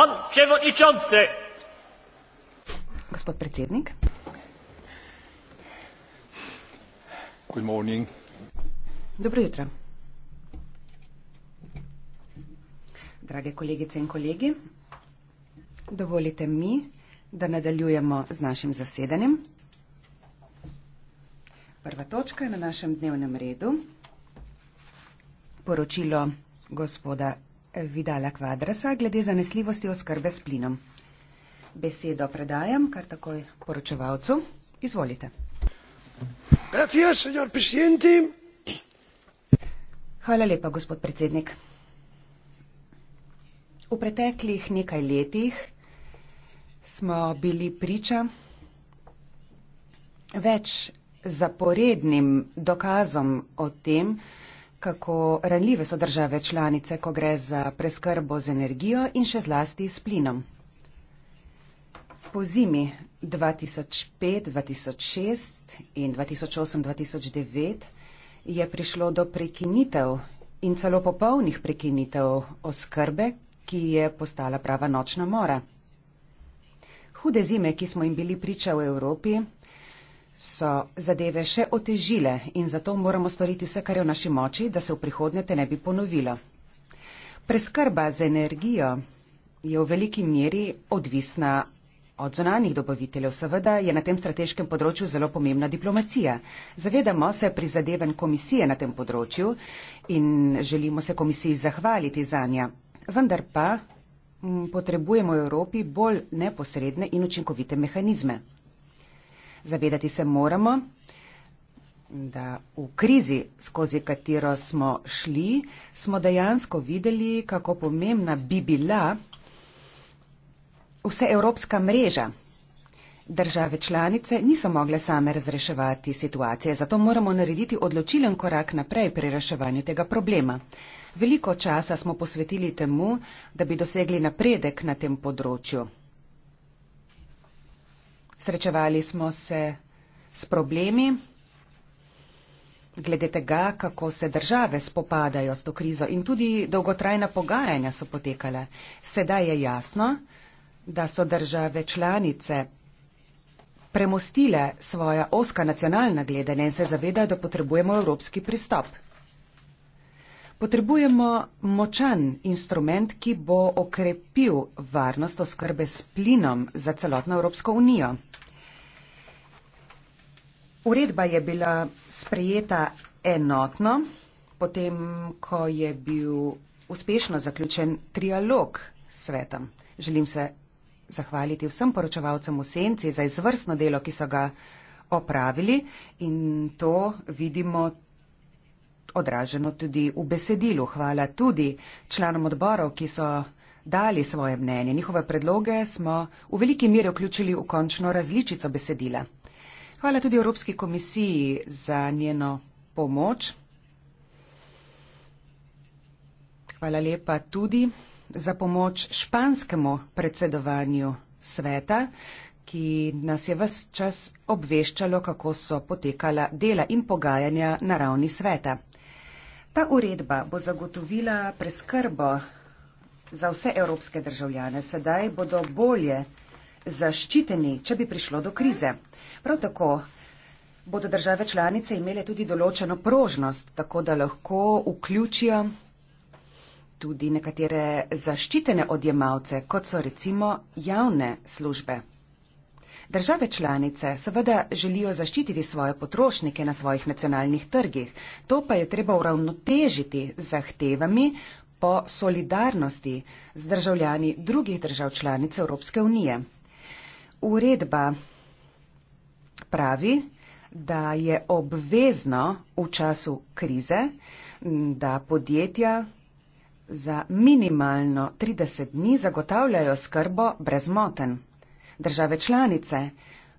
Pan przewodniczący! Gospod predsednik. Good morning. Dobro jutro. Drage kolegice in kolegi, dovolite mi, da nadaljujemo z našim zasedanjem. Prva točka je na našem dnevnem redu poročilo gospoda Vidala Kvadrasa glede zanesljivosti oskrbe s plinom. Besedo predajam kar takoj poročevalcu. Izvolite. Gracias, Hvala lepa, gospod predsednik. V preteklih nekaj letih smo bili priča več zaporednim dokazom o tem, kako ranljive so države članice, ko gre za preskrbo z energijo in še zlasti s plinom. Po zimi 2005-2006 in 2008-2009 je prišlo do prekinitev in celo popolnih prekinitev oskrbe, ki je postala prava nočna mora. Hude zime, ki smo jim bili priča v Evropi, so zadeve še otežile in zato moramo storiti vse, kar je v naši moči, da se v prihodnje te ne bi ponovilo. Preskrba z energijo je v veliki meri odvisna od zonanih dobaviteljev. Seveda je na tem strateškem področju zelo pomembna diplomacija. Zavedamo se prizadeven komisije na tem področju in želimo se komisiji zahvaliti za nja. Vendar pa potrebujemo v Evropi bolj neposredne in učinkovite mehanizme. Zavedati se moramo, da v krizi, skozi katero smo šli, smo dejansko videli, kako pomembna bi bila vseevropska mreža. Države članice niso mogle same razreševati situacije, zato moramo narediti odločilen korak naprej pri reševanju tega problema. Veliko časa smo posvetili temu, da bi dosegli napredek na tem področju. Srečevali smo se s problemi, glede tega, kako se države spopadajo s to krizo in tudi dolgotrajna pogajanja so potekale. Sedaj je jasno, da so države članice premostile svoja oska nacionalna gledanja in se zavedajo, da potrebujemo evropski pristop. Potrebujemo močan instrument, ki bo okrepil varnost oskrbe s plinom za celotno Evropsko unijo. Uredba je bila sprejeta enotno, potem, ko je bil uspešno zaključen trialog s svetom. Želim se zahvaliti vsem poročevalcem v Senci za izvrstno delo, ki so ga opravili in to vidimo odraženo tudi v besedilu. Hvala tudi članom odborov, ki so dali svoje mnenje. Njihove predloge smo v veliki meri vključili v končno različico besedila. Hvala tudi Evropski komisiji za njeno pomoč. Hvala lepa tudi za pomoč španskemu predsedovanju sveta, ki nas je ves čas obveščalo, kako so potekala dela in pogajanja na ravni sveta. Ta uredba bo zagotovila preskrbo za vse evropske državljane. Sedaj bodo bolje zaščiteni, če bi prišlo do krize. Prav tako bodo države članice imele tudi določeno prožnost, tako da lahko vključijo tudi nekatere zaščitene odjemalce, kot so recimo javne službe. Države članice seveda želijo zaščititi svoje potrošnike na svojih nacionalnih trgih, to pa je treba uravnotežiti z zahtevami po solidarnosti z državljani drugih držav članic Evropske unije. Uredba pravi, da je obvezno v času krize, da podjetja za minimalno 30 dni zagotavljajo skrbo brez moten. Države članice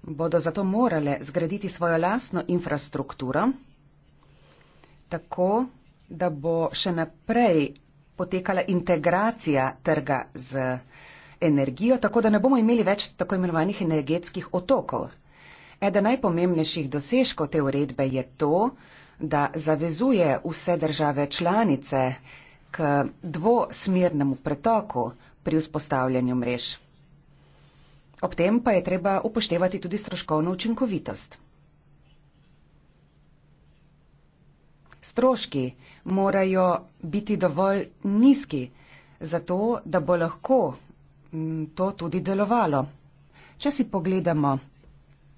bodo zato morale zgraditi svojo lastno infrastrukturo, tako da bo še naprej potekala integracija trga z energijo, tako da ne bomo imeli več tako imenovanih energetskih otokov. Eden najpomembnejših dosežkov te uredbe je to, da zavezuje vse države članice k dvosmernemu pretoku pri vzpostavljanju mrež. Ob tem pa je treba upoštevati tudi stroškovno učinkovitost. Stroški morajo biti dovolj nizki, zato da bo lahko to tudi delovalo. Če si pogledamo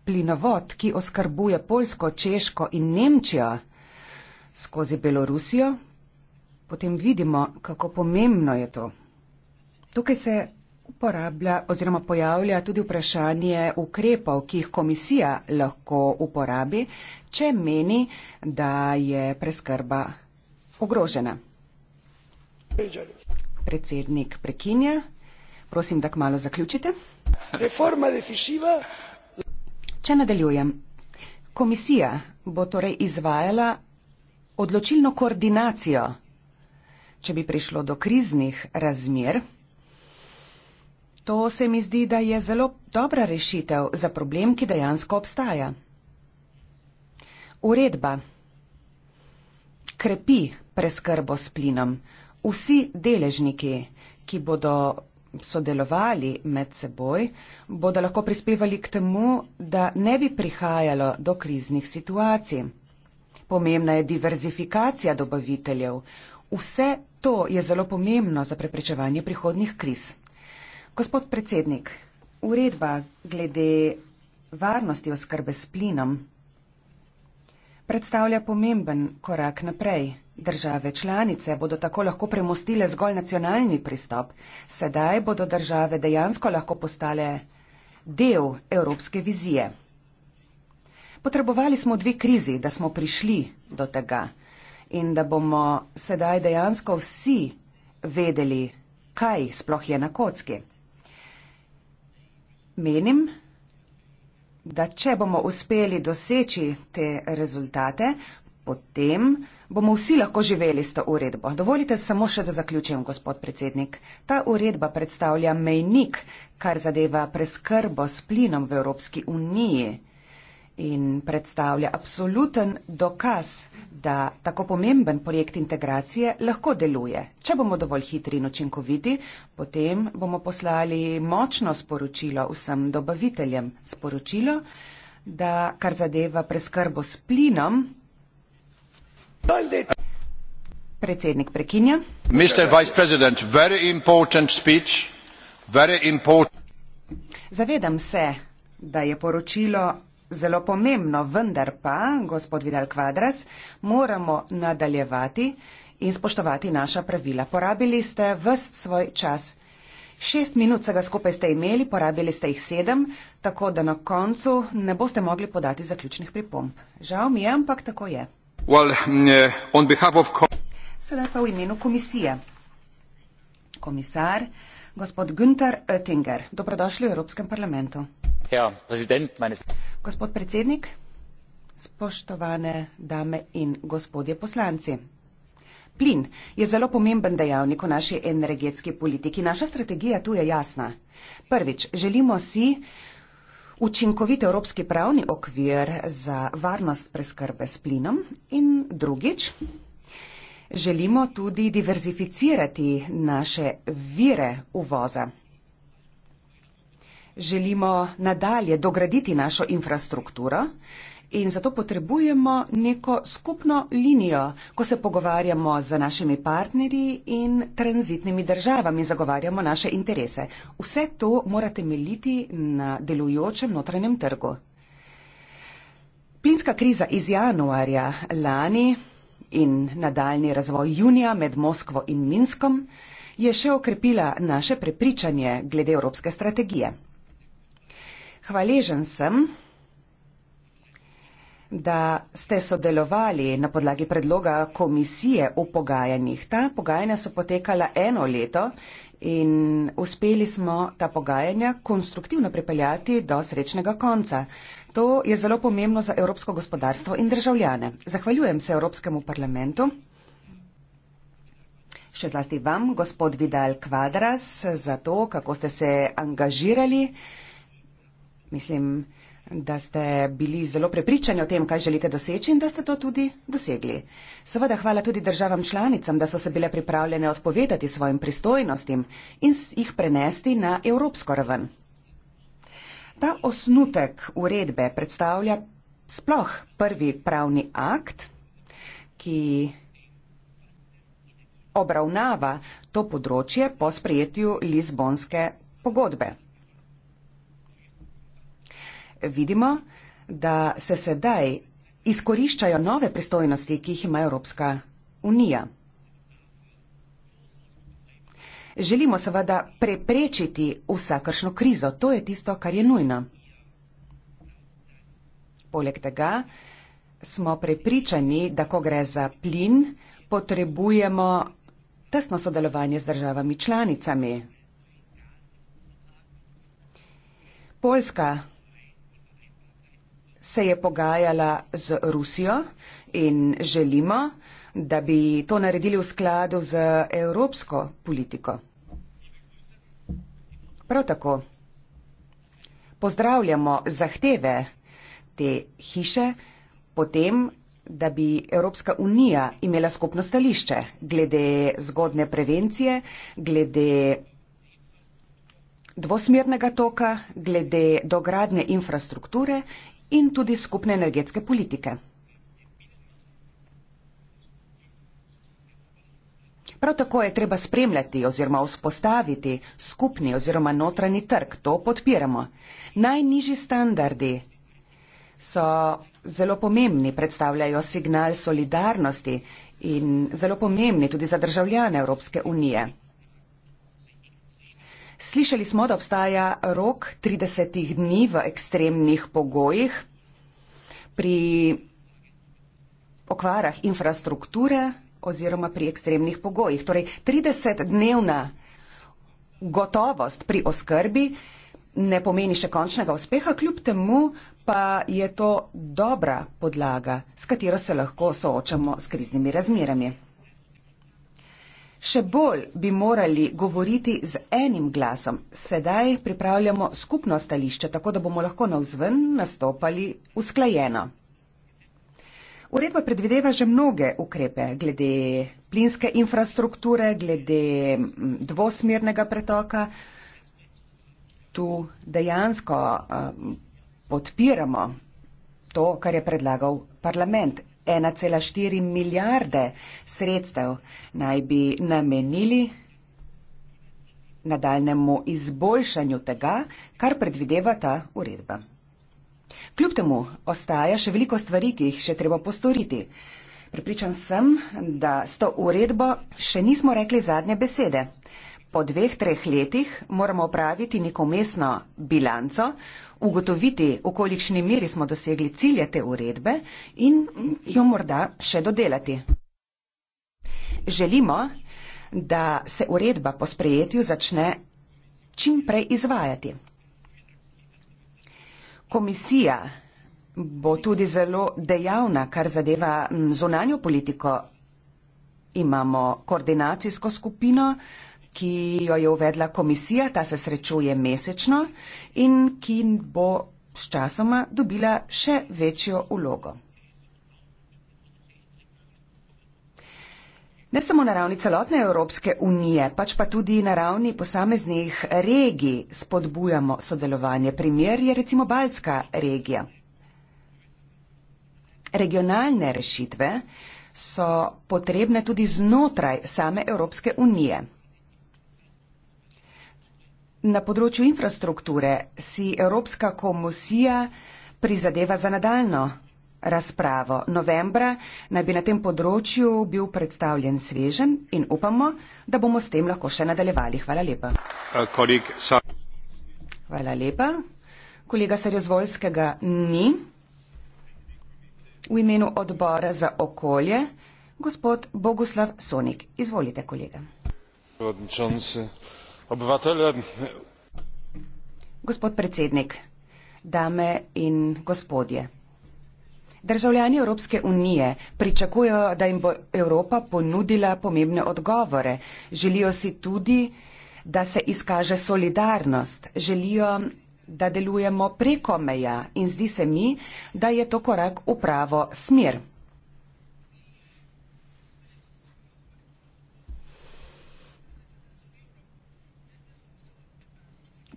plinovod, ki oskrbuje Poljsko, Češko in Nemčijo skozi Belorusijo, potem vidimo, kako pomembno je to. Tukaj se uporablja oziroma pojavlja tudi vprašanje ukrepov, ki jih komisija lahko uporabi, če meni, da je preskrba ogrožena. Predsednik prekinja. Prosim, da kmalo zaključite. Če nadaljujem. Komisija bo torej izvajala odločilno koordinacijo, če bi prišlo do kriznih razmer. To se mi zdi, da je zelo dobra rešitev za problem, ki dejansko obstaja. Uredba krepi preskrbo s plinom. Vsi deležniki, ki bodo sodelovali med seboj, bodo lahko prispevali k temu, da ne bi prihajalo do kriznih situacij. Pomembna je diverzifikacija dobaviteljev. Vse to je zelo pomembno za preprečevanje prihodnih kriz. Gospod predsednik, uredba glede varnosti oskrbe s plinom predstavlja pomemben korak naprej. Države članice bodo tako lahko premostile zgolj nacionalni pristop, sedaj bodo države dejansko lahko postale del evropske vizije. Potrebovali smo dve krizi, da smo prišli do tega in da bomo sedaj dejansko vsi vedeli, kaj sploh je na kocki. Menim, da če bomo uspeli doseči te rezultate, potem bomo vsi lahko živeli s to uredbo. Dovolite samo še, da zaključim, gospod predsednik. Ta uredba predstavlja mejnik, kar zadeva preskrbo s plinom v Evropski uniji in predstavlja absoluten dokaz, da tako pomemben projekt integracije lahko deluje. Če bomo dovolj hitri in učinkoviti, potem bomo poslali močno sporočilo vsem dobaviteljem. Sporočilo, da kar zadeva preskrbo s plinom, predsednik prekinja zavedam se da je poročilo zelo pomembno vendar pa gospod vidal quadras moramo nadaljevati in spoštovati naša pravila porabili ste ves svoj čas Šest minut vsega skupaj ste imeli, porabili ste jih sedem, tako da na koncu ne boste mogli podati zaključnih pripomb. Žal mi je, ampak tako je. Well, eh, on behalf of Sedaj pa v imenu komisije. Komisar, gospod Günther Oettinger, dobrodošli v Evropskem parlamentu. Ja, Meine... Gospod predsednik, spoštovane dame in gospodje poslanci. Plin je zelo pomemben dejavnik v naši energetski politiki. Naša strategija tu je jasna. Prvič, želimo si, učinkovit evropski pravni okvir za varnost preskrbe s plinom in drugič, želimo tudi diverzificirati naše vire uvoza. Želimo nadalje dograditi našo infrastrukturo in zato potrebujemo neko skupno linijo, ko se pogovarjamo z našimi partnerji in tranzitnimi državami, zagovarjamo naše interese. Vse to mora temeljiti na delujočem notranjem trgu. Plinska kriza iz januarja lani in nadaljni razvoj junija med Moskvo in Minskom je še okrepila naše prepričanje glede evropske strategije. Hvaležen sem, da ste sodelovali na podlagi predloga komisije v pogajanjih. Ta pogajanja so potekala eno leto in uspeli smo ta pogajanja konstruktivno pripeljati do srečnega konca. To je zelo pomembno za evropsko gospodarstvo in državljane. Zahvaljujem se Evropskemu parlamentu. Še zlasti vam, gospod Vidal Kvadras, za to, kako ste se angažirali. Mislim, da ste bili zelo prepričani o tem, kaj želite doseči in da ste to tudi dosegli. Seveda hvala tudi državam članicam, da so se bile pripravljene odpovedati svojim pristojnostim in jih prenesti na evropsko raven. Ta osnutek uredbe predstavlja sploh prvi pravni akt, ki obravnava to področje po sprejetju Lizbonske pogodbe vidimo, da se sedaj izkoriščajo nove pristojnosti, ki jih ima Evropska unija. Želimo seveda preprečiti vsakršno krizo, to je tisto, kar je nujno. Poleg tega smo prepričani, da ko gre za plin, potrebujemo tesno sodelovanje z državami članicami. Poljska se je pogajala z Rusijo in želimo, da bi to naredili v skladu z evropsko politiko. Prav tako pozdravljamo zahteve te hiše potem, da bi Evropska unija imela skupno stališče glede zgodne prevencije, glede dvosmernega toka, glede dogradne infrastrukture in tudi skupne energetske politike. Prav tako je treba spremljati oziroma vzpostaviti skupni oziroma notranji trg, to podpiramo. Najnižji standardi so zelo pomembni, predstavljajo signal solidarnosti in zelo pomembni tudi za državljane Evropske unije. Slišali smo, da obstaja rok 30 dni v ekstremnih pogojih pri okvarah infrastrukture oziroma pri ekstremnih pogojih. Torej, 30-dnevna gotovost pri oskrbi ne pomeni še končnega uspeha, kljub temu pa je to dobra podlaga, s katero se lahko soočamo s kriznimi razmerami. Še bolj bi morali govoriti z enim glasom. Sedaj pripravljamo skupno stališče, tako da bomo lahko navzven nastopali usklajeno. Uredba predvideva že mnoge ukrepe glede plinske infrastrukture, glede dvosmernega pretoka. Tu dejansko podpiramo to, kar je predlagal parlament. 1,4 milijarde sredstev naj bi namenili nadaljnemu izboljšanju tega, kar predvideva ta uredba. Kljub temu ostaja še veliko stvari, ki jih še treba postoriti. Pripričan sem, da s to uredbo še nismo rekli zadnje besede. Po dveh, treh letih moramo opraviti neko mestno bilanco, ugotoviti, v kolikšni meri smo dosegli cilje te uredbe in jo morda še dodelati. Želimo, da se uredba po sprejetju začne čim prej izvajati. Komisija bo tudi zelo dejavna, kar zadeva zunanjo politiko. Imamo koordinacijsko skupino, ki jo je uvedla komisija, ta se srečuje mesečno in ki bo s časoma dobila še večjo ulogo. Ne samo na ravni celotne Evropske unije, pač pa tudi na ravni posameznih regij spodbujamo sodelovanje. Primer je recimo Baljska regija. Regionalne rešitve so potrebne tudi znotraj same Evropske unije. Na področju infrastrukture si Evropska komisija prizadeva za nadaljno razpravo. Novembra naj bi na tem področju bil predstavljen svežen in upamo, da bomo s tem lahko še nadaljevali. Hvala lepa. Eh, Hvala lepa. Kolega Sarjozvolskega ni. V imenu odbora za okolje, gospod Boguslav Sonik. Izvolite, kolega. Hvala lepa obyvatele. Gospod predsednik, dame in gospodje. Državljani Evropske unije pričakujejo, da jim bo Evropa ponudila pomembne odgovore. Želijo si tudi, da se izkaže solidarnost. Želijo, da delujemo preko meja in zdi se mi, da je to korak v pravo smer.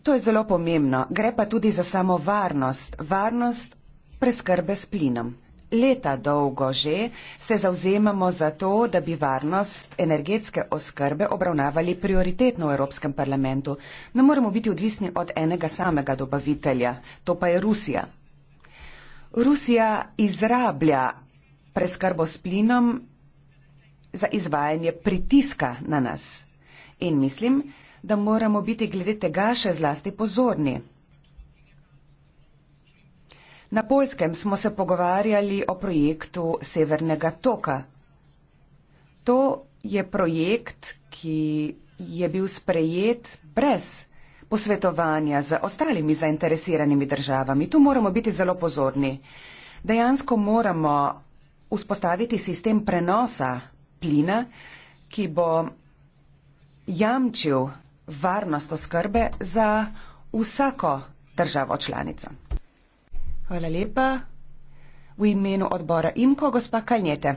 To je zelo pomembno. Gre pa tudi za samo varnost, varnost preskrbe s plinom. Leta dolgo že se zauzemamo za to, da bi varnost energetske oskrbe obravnavali prioritetno v Evropskem parlamentu. Ne moremo biti odvisni od enega samega dobavitelja, to pa je Rusija. Rusija izrablja preskrbo s plinom za izvajanje pritiska na nas. In mislim, da moramo biti glede tega še zlasti pozorni. Na Poljskem smo se pogovarjali o projektu Severnega toka. To je projekt, ki je bil sprejet brez posvetovanja z ostalimi zainteresiranimi državami. Tu moramo biti zelo pozorni. Dejansko moramo vzpostaviti sistem prenosa plina, ki bo jamčil varnost oskrbe za vsako državo članico. Hvala lepa. V imenu odbora IMKO, gospa Kaljnete.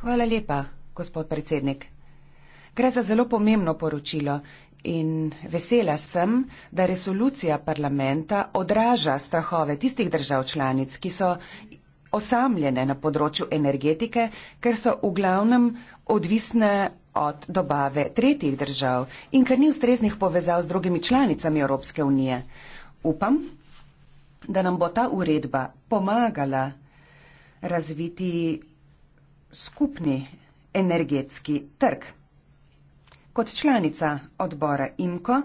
Hvala lepa, gospod predsednik. Gre za zelo pomembno poročilo in vesela sem, da resolucija parlamenta odraža strahove tistih držav članic, ki so osamljene na področju energetike, ker so v glavnem odvisne od dobave tretjih držav in ker ni ustreznih povezav z drugimi članicami Evropske unije. Upam, da nam bo ta uredba pomagala razviti skupni energetski trg. Kot članica odbora IMKO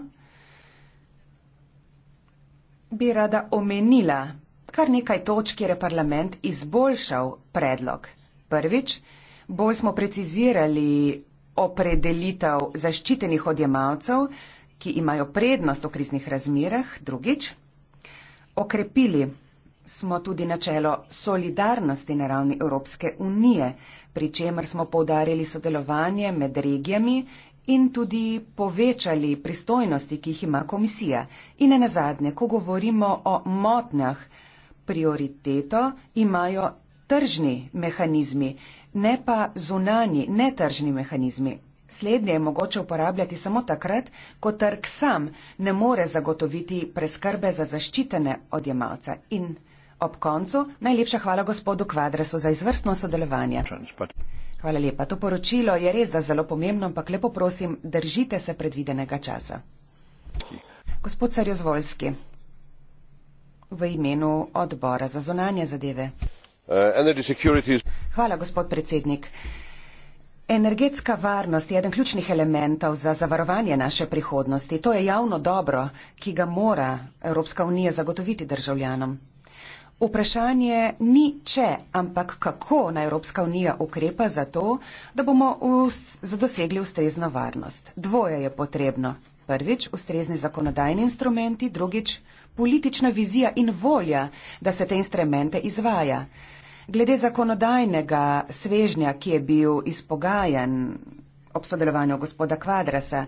bi rada omenila kar nekaj točk, kjer je parlament izboljšal predlog. Prvič, bolj smo precizirali opredelitev zaščitenih odjemalcev, ki imajo prednost v kriznih razmerah, drugič, okrepili smo tudi načelo solidarnosti na ravni Evropske unije, pri čemer smo povdarjali sodelovanje med regijami in tudi povečali pristojnosti, ki jih ima komisija. In ne nazadnje, ko govorimo o motnjah, prioriteto imajo tržni mehanizmi ne pa zunani, netržni mehanizmi. Slednje je mogoče uporabljati samo takrat, ko trg sam ne more zagotoviti preskrbe za zaščitene odjemalce. In ob koncu najlepša hvala gospodu Kvadresu za izvrstno sodelovanje. Hvala lepa. To poročilo je res da zelo pomembno, ampak lepo prosim, držite se predvidenega časa. Gospod Sarjozvolski, v imenu odbora za zunanje zadeve. Uh, Hvala, gospod predsednik. Energetska varnost je eden ključnih elementov za zavarovanje naše prihodnosti. To je javno dobro, ki ga mora Evropska unija zagotoviti državljanom. Vprašanje ni če, ampak kako na Evropska unija ukrepa za to, da bomo zadosegli ustrezno varnost. Dvoje je potrebno. Prvič, ustrezni zakonodajni instrumenti, drugič, politična vizija in volja, da se te instrumente izvaja. Glede zakonodajnega svežnja, ki je bil izpogajan ob sodelovanju gospoda Kvadrasa,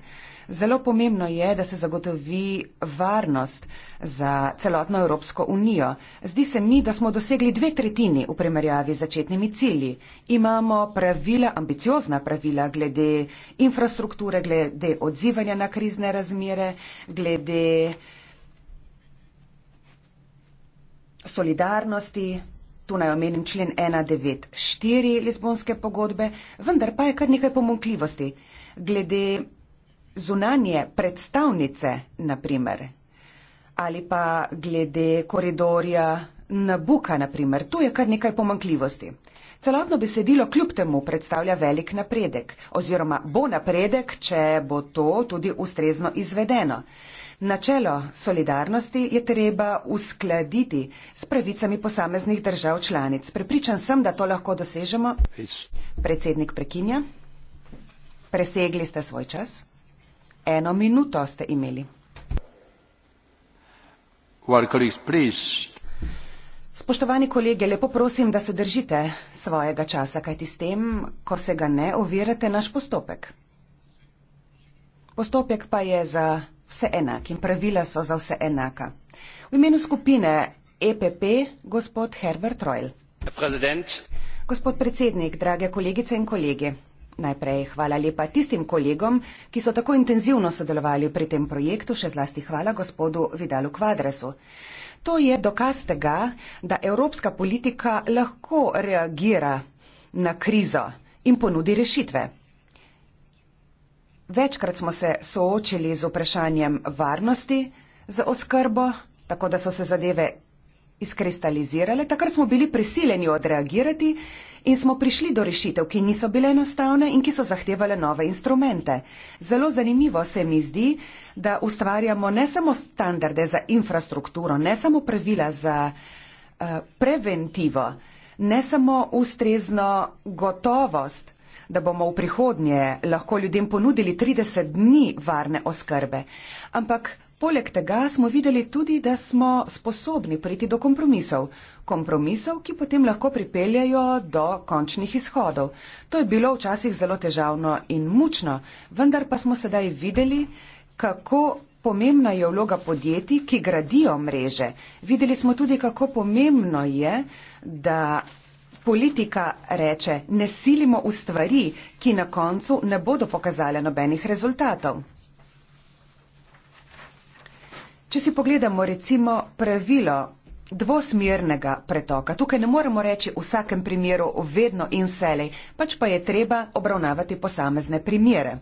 zelo pomembno je, da se zagotovi varnost za celotno Evropsko unijo. Zdi se mi, da smo dosegli dve tretjini v primerjavi z začetnimi cilji. Imamo pravila, ambiciozna pravila glede infrastrukture, glede odzivanja na krizne razmere, glede solidarnosti. Tu naj omenim člen 194 Lizbonske pogodbe, vendar pa je kar nekaj pomankljivosti. Glede zunanje predstavnice, naprimer, ali pa glede koridorja Nabuka, naprimer, tu je kar nekaj pomankljivosti. Celotno besedilo kljub temu predstavlja velik napredek oziroma bo napredek, če bo to tudi ustrezno izvedeno. Načelo solidarnosti je treba uskladiti s pravicami posameznih držav članic. Prepričan sem, da to lahko dosežemo. Predsednik prekinja. Presegli ste svoj čas. Eno minuto ste imeli. Spoštovani kolege, lepo prosim, da se držite svojega časa, kajti s tem, ko se ga ne, ovirate naš postopek. Postopek pa je za vse enak in pravila so za vse enaka. V imenu skupine EPP gospod Herbert Reul. Gospod predsednik, drage kolegice in kolegi. Najprej hvala lepa tistim kolegom, ki so tako intenzivno sodelovali pri tem projektu, še zlasti hvala gospodu Vidalu Kvadresu. To je dokaz tega, da evropska politika lahko reagira na krizo in ponudi rešitve. Večkrat smo se soočili z vprašanjem varnosti za oskrbo, tako da so se zadeve izkristalizirale. Takrat smo bili prisiljeni odreagirati in smo prišli do rešitev, ki niso bile enostavne in ki so zahtevale nove instrumente. Zelo zanimivo se mi zdi, da ustvarjamo ne samo standarde za infrastrukturo, ne samo pravila za uh, preventivo, ne samo ustrezno gotovost, da bomo v prihodnje lahko ljudem ponudili 30 dni varne oskrbe. Ampak poleg tega smo videli tudi, da smo sposobni priti do kompromisov. Kompromisov, ki potem lahko pripeljajo do končnih izhodov. To je bilo včasih zelo težavno in mučno, vendar pa smo sedaj videli, kako pomembna je vloga podjetij, ki gradijo mreže. Videli smo tudi, kako pomembno je, da Politika reče, ne silimo v stvari, ki na koncu ne bodo pokazale nobenih rezultatov. Če si pogledamo recimo pravilo dvosmernega pretoka, tukaj ne moremo reči v vsakem primeru vedno in vselej, pač pa je treba obravnavati posamezne primere.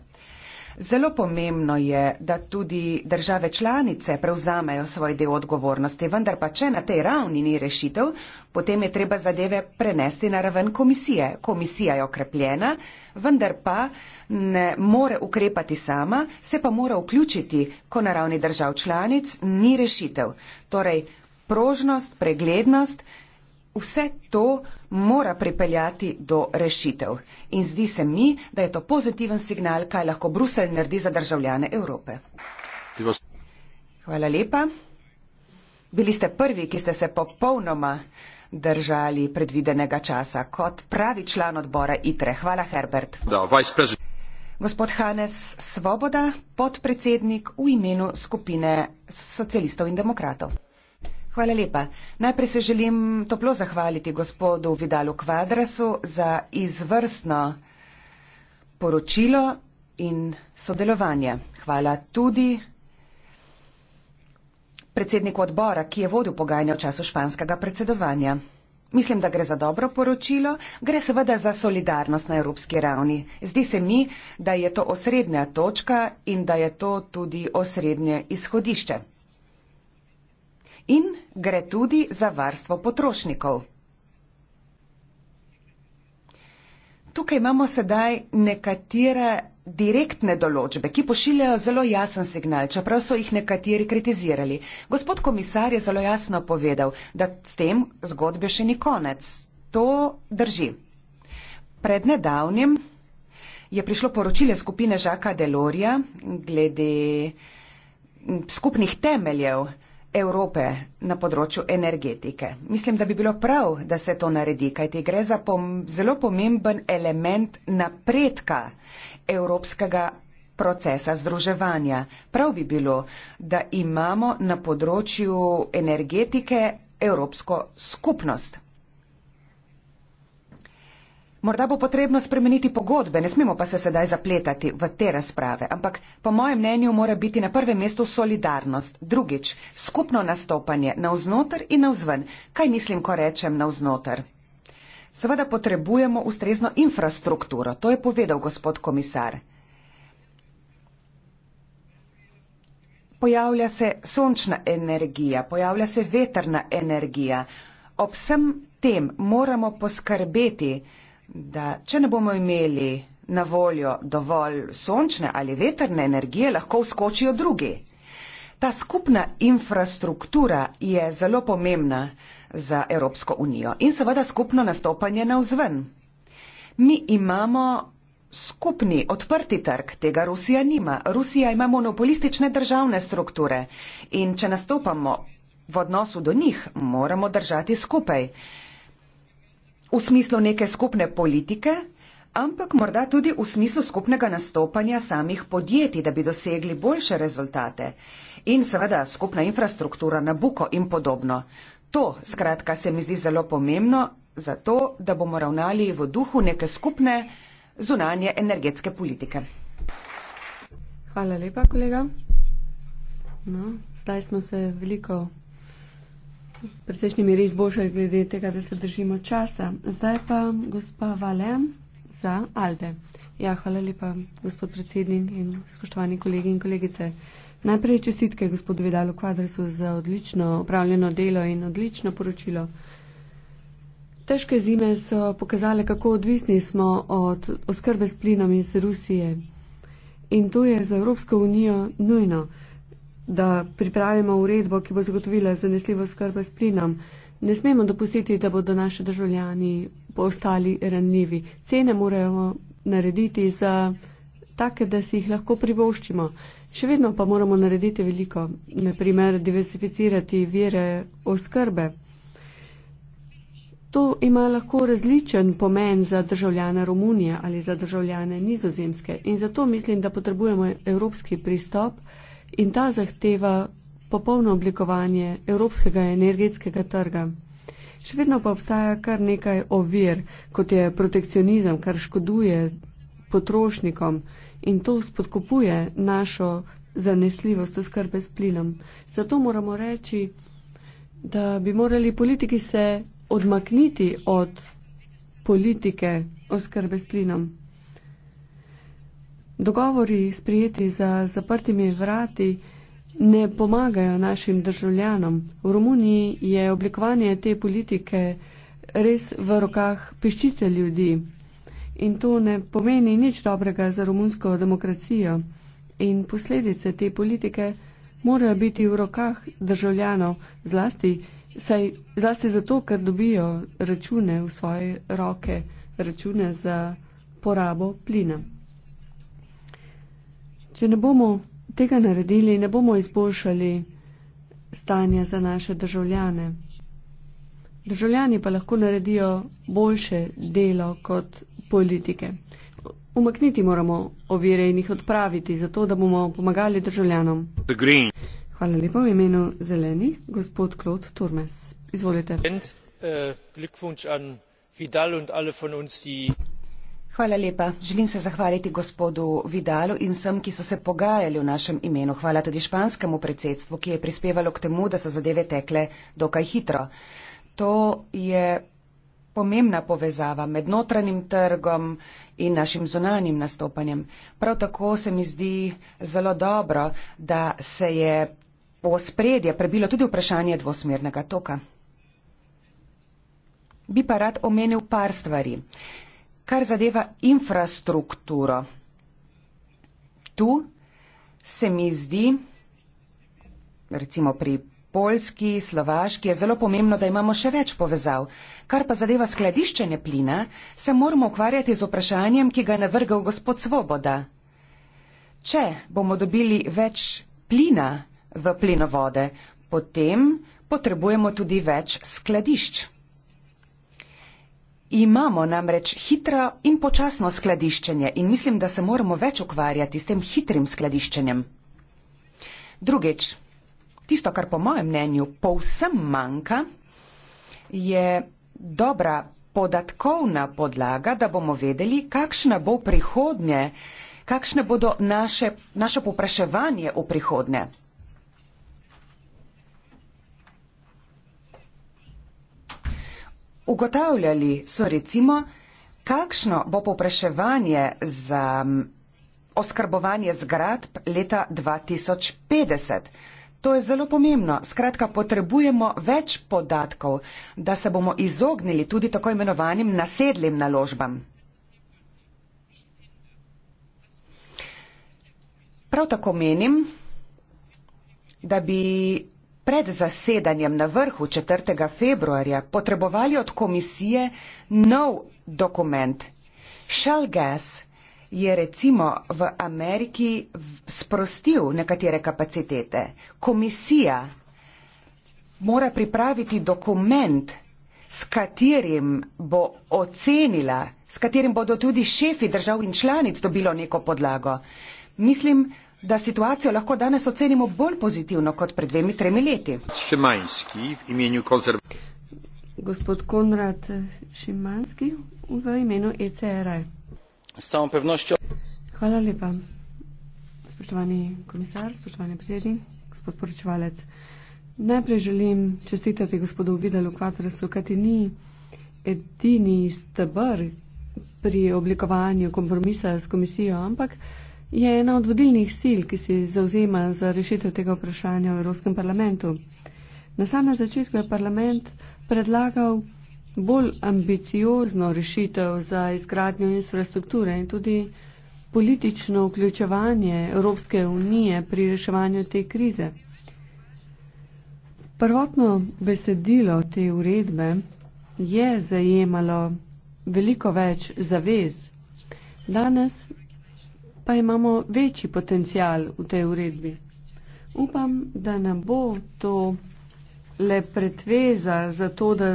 Zelo pomembno je, da tudi države članice prevzamejo svoj del odgovornosti, vendar pa če na tej ravni ni rešitev, potem je treba zadeve prenesti na raven komisije. Komisija je okrepljena, vendar pa ne more ukrepati sama, se pa mora vključiti, ko na ravni držav članic ni rešitev. Torej, prožnost, preglednost, vse to mora pripeljati do rešitev. In zdi se mi, da je to pozitiven signal, kaj lahko Bruselj naredi za državljane Evrope. Hvala lepa. Bili ste prvi, ki ste se popolnoma držali predvidenega časa kot pravi član odbora ITRE. Hvala, Herbert. Da, Gospod Hanes Svoboda, podpredsednik v imenu skupine socialistov in demokratov. Hvala lepa. Najprej se želim toplo zahvaliti gospodu Vidalu Kvadrasu za izvrstno poročilo in sodelovanje. Hvala tudi predsedniku odbora, ki je vodil pogajanja v času španskega predsedovanja. Mislim, da gre za dobro poročilo, gre seveda za solidarnost na evropski ravni. Zdi se mi, da je to osrednja točka in da je to tudi osrednje izhodišče in gre tudi za varstvo potrošnikov. Tukaj imamo sedaj nekatere direktne določbe, ki pošiljajo zelo jasen signal, čeprav so jih nekateri kritizirali. Gospod komisar je zelo jasno povedal, da s tem zgodbe še ni konec. To drži. Pred nedavnim je prišlo poročile skupine Žaka Delorja glede skupnih temeljev Evrope na področju energetike. Mislim, da bi bilo prav, da se to naredi, kajti gre za pom zelo pomemben element napredka evropskega procesa združevanja. Prav bi bilo, da imamo na področju energetike evropsko skupnost. Morda bo potrebno spremeniti pogodbe, ne smemo pa se sedaj zapletati v te razprave, ampak po mojem mnenju mora biti na prvem mestu solidarnost, drugič skupno nastopanje navznoter in navzven. Kaj mislim, ko rečem navznoter? Seveda potrebujemo ustrezno infrastrukturo, to je povedal gospod komisar. Pojavlja se sončna energija, pojavlja se veterna energija. Ob vsem tem moramo poskrbeti, da če ne bomo imeli na voljo dovolj sončne ali veterne energije, lahko vskočijo drugi. Ta skupna infrastruktura je zelo pomembna za Evropsko unijo in seveda skupno nastopanje na vzven. Mi imamo skupni odprti trg, tega Rusija nima. Rusija ima monopolistične državne strukture in če nastopamo v odnosu do njih, moramo držati skupaj v smislu neke skupne politike, ampak morda tudi v smislu skupnega nastopanja samih podjetij, da bi dosegli boljše rezultate in seveda skupna infrastruktura na buko in podobno. To skratka se mi zdi zelo pomembno, zato da bomo ravnali v duhu neke skupne zunanje energetske politike. Hvala lepa, kolega. No, zdaj smo se veliko Presečni meri izboljšali glede tega, da se držimo časa. Zdaj pa gospa Valen za Alde. Ja, hvala lepa, gospod predsednik in spoštovani kolegi in kolegice. Najprej čestitke gospodu Vidalu Kvadresu za odlično upravljeno delo in odlično poročilo. Težke zime so pokazale, kako odvisni smo od oskrbe s plinom iz Rusije. In to je za Evropsko unijo nujno da pripravimo uredbo, ki bo zagotovila zanesljivo skrbo s plinom. Ne smemo dopustiti, da bodo naši državljani postali ranljivi. Cene moramo narediti za take, da si jih lahko privoščimo. Še vedno pa moramo narediti veliko, naprimer diversificirati vire oskrbe. To ima lahko različen pomen za državljane Romunije ali za državljane nizozemske in zato mislim, da potrebujemo evropski pristop in ta zahteva popolno oblikovanje evropskega energetskega trga. Še vedno pa obstaja kar nekaj ovir, kot je protekcionizem, kar škoduje potrošnikom in to spodkopuje našo zanesljivost oskrbe s plinom. Zato moramo reči, da bi morali politiki se odmakniti od politike oskrbe s plinom. Dogovori sprijeti za zaprtimi vrati ne pomagajo našim državljanom. V Romuniji je oblikovanje te politike res v rokah piščice ljudi in to ne pomeni nič dobrega za romunsko demokracijo in posledice te politike morajo biti v rokah državljanov zlasti, saj, zlasti zato, ker dobijo račune v svoje roke, račune za porabo plina. Če ne bomo tega naredili, ne bomo izboljšali stanja za naše državljane. Državljani pa lahko naredijo boljše delo kot politike. Umakniti moramo ovire in jih odpraviti, zato da bomo pomagali državljanom. Hvala lepa v imenu zelenih, gospod Klod Turmes. Izvolite. Uh, Hvala lepa. Želim se zahvaliti gospodu Vidalu in vsem, ki so se pogajali v našem imenu. Hvala tudi španskemu predsedstvu, ki je prispevalo k temu, da so zadeve tekle dokaj hitro. To je pomembna povezava med notranjim trgom in našim zunanjim nastopanjem. Prav tako se mi zdi zelo dobro, da se je po spredje prebilo tudi vprašanje dvosmernega toka. Bi pa rad omenil par stvari kar zadeva infrastrukturo. Tu se mi zdi, recimo pri Poljski, Slovaški, je zelo pomembno, da imamo še več povezav. Kar pa zadeva skladiščenje plina, se moramo ukvarjati z vprašanjem, ki ga je navrgal gospod Svoboda. Če bomo dobili več plina v plinovode, potem potrebujemo tudi več skladišč. Imamo namreč hitro in počasno skladiščenje in mislim, da se moramo več ukvarjati s tem hitrim skladiščenjem. Drugič, tisto, kar po mojem mnenju povsem manjka, je dobra podatkovna podlaga, da bomo vedeli, kakšna bo prihodnje, kakšne bodo naše, naše popraševanje v prihodnje. Ugotavljali so recimo, kakšno bo popraševanje za oskrbovanje zgradb leta 2050. To je zelo pomembno. Skratka, potrebujemo več podatkov, da se bomo izognili tudi tako imenovanim nasedlim naložbam. Prav tako menim, da bi pred zasedanjem na vrhu 4. februarja potrebovali od komisije nov dokument. Shell Gas je recimo v Ameriki sprostil nekatere kapacitete. Komisija mora pripraviti dokument, s katerim bo ocenila, s katerim bodo tudi šefi držav in članic dobilo neko podlago. Mislim, da da situacijo lahko danes ocenimo bolj pozitivno kot pred dvemi, tremi leti. Šimanski v imenu konzerv. Gospod Konrad Šimanski v imenu ECR. S samo pevnostjo. Hvala lepa. Spoštovani komisar, spoštovani predsednik, gospod poročevalec. Najprej želim čestitati gospodu Videlu Kvatresu, kaj ti ni edini stebr pri oblikovanju kompromisa s komisijo, ampak je ena od vodilnih sil, ki se zauzema za rešitev tega vprašanja v Evropskem parlamentu. Na samem začetku je parlament predlagal bolj ambiciozno rešitev za izgradnjo infrastrukture in tudi politično vključevanje Evropske unije pri reševanju te krize. Prvotno besedilo te uredbe je zajemalo veliko več zavez. Danes pa imamo večji potencial v tej uredbi. Upam, da nam bo to le pretveza za to, da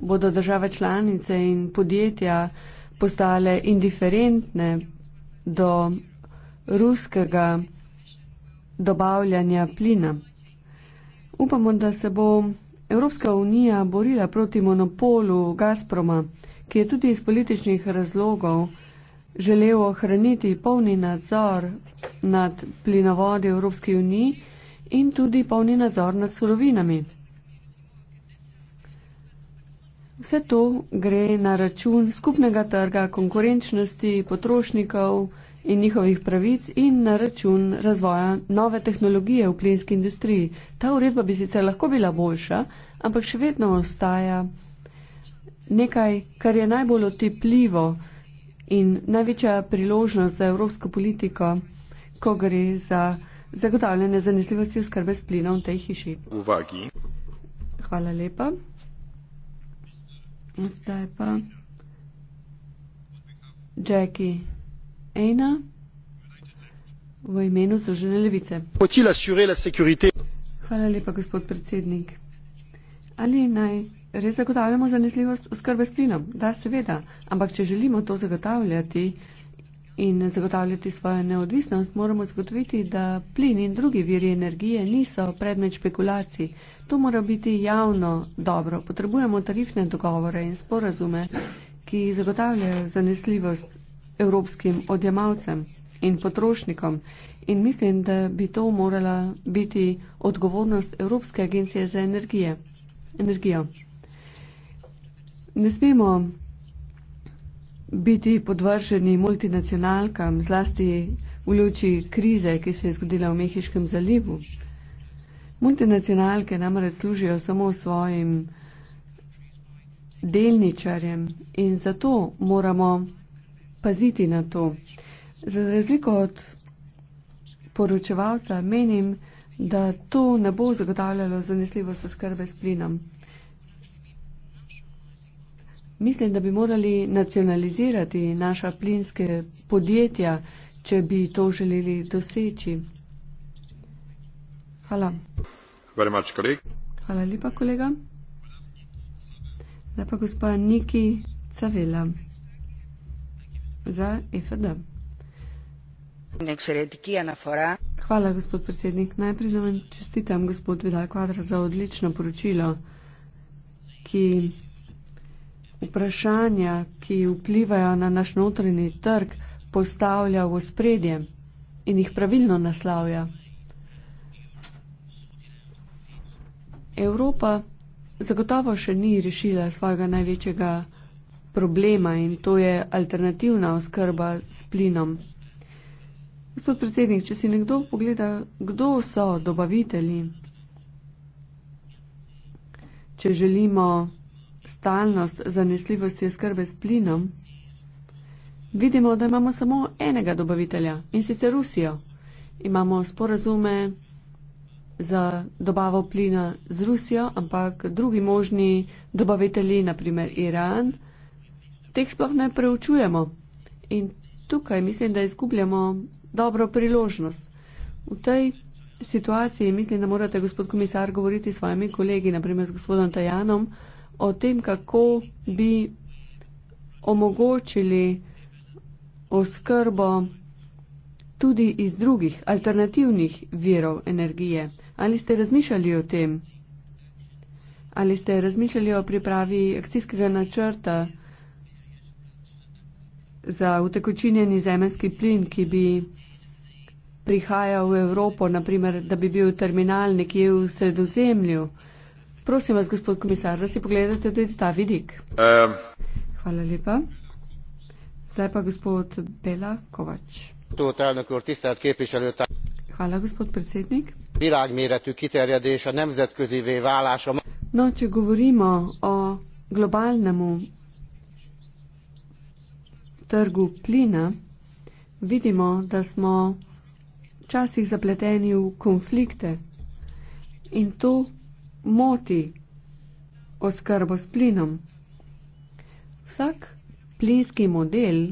bodo države članice in podjetja postale indiferentne do ruskega dobavljanja plina. Upamo, da se bo Evropska unija borila proti monopolu Gazproma, ki je tudi iz političnih razlogov želel ohraniti polni nadzor nad plinovodi Evropske unije in tudi polni nadzor nad surovinami. Vse to gre na račun skupnega trga, konkurenčnosti potrošnikov in njihovih pravic in na račun razvoja nove tehnologije v plinski industriji. Ta uredba bi sicer lahko bila boljša, ampak še vedno ostaja nekaj, kar je najbolj otepljivo in največja priložnost za evropsko politiko, ko gre za zagotavljanje zanesljivosti oskrbe s plinom v tej hiši. Uvagi. Hvala lepa. Zdaj pa Jackie Aina v imenu Združene levice. Hvala lepa, gospod predsednik. Ali naj res zagotavljamo zanesljivost oskrbe s plinom? Da, seveda. Ampak, če želimo to zagotavljati in zagotavljati svojo neodvisnost, moramo zagotoviti, da plin in drugi viri energije niso predmet špekulacij. To mora biti javno dobro. Potrebujemo tarifne dogovore in sporazume, ki zagotavljajo zanesljivost evropskim odjemalcem in potrošnikom. In mislim, da bi to morala biti odgovornost Evropske agencije za energije. energijo ne smemo biti podvrženi multinacionalkam, zlasti v luči krize, ki se je zgodila v Mehiškem zalivu. Multinacionalke namreč služijo samo svojim delničarjem in zato moramo paziti na to. Za razliko od poročevalca menim, da to ne bo zagotavljalo zanesljivost oskrbe s plinom. Mislim, da bi morali nacionalizirati naša plinske podjetja, če bi to želeli doseči. Hvala. Very much, Hvala lepa, kolega. Zdaj pa gospa Niki Cavela za EFD. Hvala, gospod predsednik. Najprej vam čestitam, gospod Vidal Kvadra, za odlično poročilo, ki vprašanja, ki vplivajo na naš notranji trg, postavlja v spredje in jih pravilno naslavlja. Evropa zagotovo še ni rešila svojega največjega problema in to je alternativna oskrba s plinom. Gospod predsednik, če si nekdo pogleda, kdo so dobavitelji, če želimo stalnost zanesljivosti oskrbe s plinom, vidimo, da imamo samo enega dobavitelja in sicer Rusijo. Imamo sporazume za dobavo plina z Rusijo, ampak drugi možni dobavitelji, naprimer Iran, teh sploh ne preučujemo. In tukaj mislim, da izgubljamo dobro priložnost. V tej situaciji mislim, da morate, gospod komisar, govoriti s svojimi kolegi, naprimer z gospodom Tajanom, o tem, kako bi omogočili oskrbo tudi iz drugih alternativnih virov energije. Ali ste razmišljali o tem? Ali ste razmišljali o pripravi akcijskega načrta za utekočinjeni zemljski plin, ki bi prihajal v Evropo, naprimer, da bi bil terminal nekje v sredozemlju? Prosim vas, gospod komisar, da si pogledate tudi ta vidik. Um. Hvala lepa. Zdaj pa gospod Bela Kovač. Hvala, gospod predsednik. Világméretű kiterjedés a nemzetközi válása. No, če govorimo o globalnemu trgu plina, vidimo, da smo včasih zapleteni v konflikte in to moti oskrbo s plinom. Vsak plinski model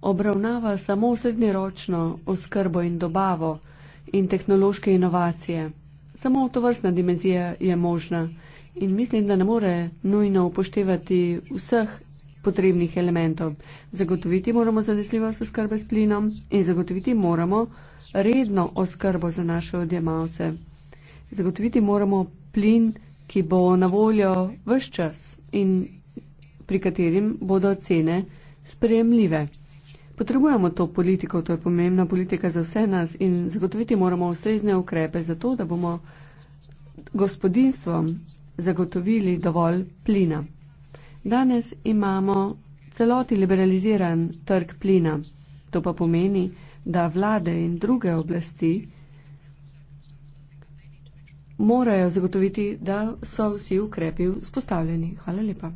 obravnava samo srednjeročno oskrbo in dobavo in tehnološke inovacije. Samo to vrstna dimenzija je možna in mislim, da ne more nujno upoštevati vseh potrebnih elementov. Zagotoviti moramo zanesljivost oskrbe s plinom in zagotoviti moramo redno oskrbo za naše odjemalce. Zagotoviti moramo plin, ki bo na voljo vse čas in pri katerim bodo cene sprejemljive. Potrebujemo to politiko, to je pomembna politika za vse nas in zagotoviti moramo ustrezne ukrepe za to, da bomo gospodinstvom zagotovili dovolj plina. Danes imamo celoti liberaliziran trg plina. To pa pomeni, da vlade in druge oblasti morajo zagotoviti, da so vsi ukrepi vzpostavljeni. Hvala lepa.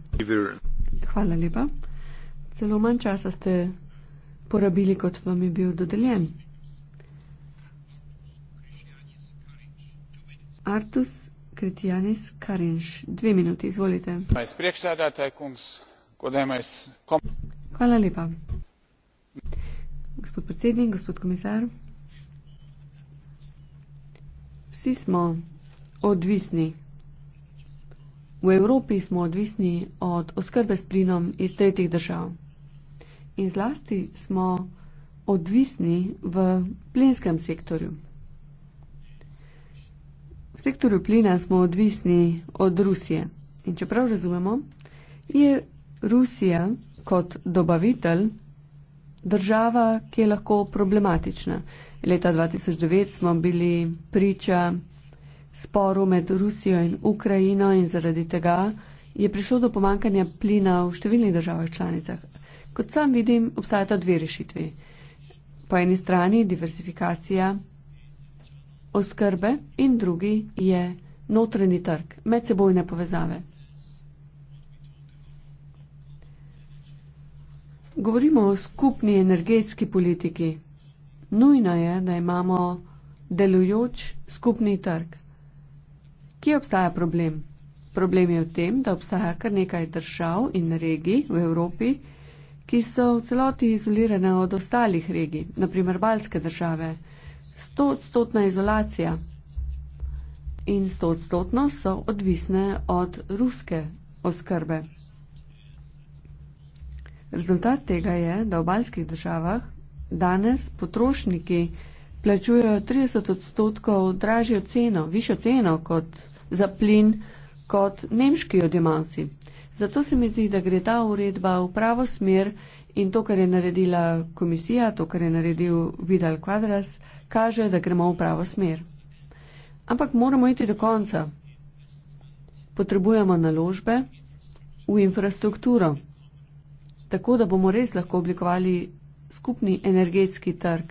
Hvala lepa. Celo manj časa ste porabili, kot vam je bil dodeljen. Artus Kritijanis Karinš, dve minuti, izvolite. Hvala lepa. Gospod predsednik, gospod komisar, vsi smo odvisni. V Evropi smo odvisni od oskrbe s plinom iz tretjih držav. In zlasti smo odvisni v plinskem sektorju. V sektorju plina smo odvisni od Rusije. In čeprav razumemo, je Rusija kot dobavitelj država, ki je lahko problematična. Leta 2009 smo bili priča sporu med Rusijo in Ukrajino in zaradi tega je prišlo do pomankanja plina v številnih državah članicah. Kot sam vidim, obstajata dve rešitvi. Po eni strani diversifikacija oskrbe in drugi je notreni trg, medsebojne povezave. Govorimo o skupni energetski politiki. Nujno je, da imamo delujoč skupni trg. Kje obstaja problem? Problem je v tem, da obstaja kar nekaj držav in regij v Evropi, ki so v celoti izolirane od ostalih regij, naprimer balske države. 100-odstotna izolacija in 100-odstotno so odvisne od ruske oskrbe. Rezultat tega je, da v balskih državah danes potrošniki plačujejo 30 odstotkov dražjo ceno, višjo ceno kot za plin kot nemški odjemalci. Zato se mi zdi, da gre ta uredba v pravo smer in to, kar je naredila komisija, to, kar je naredil Vidal Quadras, kaže, da gremo v pravo smer. Ampak moramo iti do konca. Potrebujemo naložbe v infrastrukturo, tako da bomo res lahko oblikovali skupni energetski trg,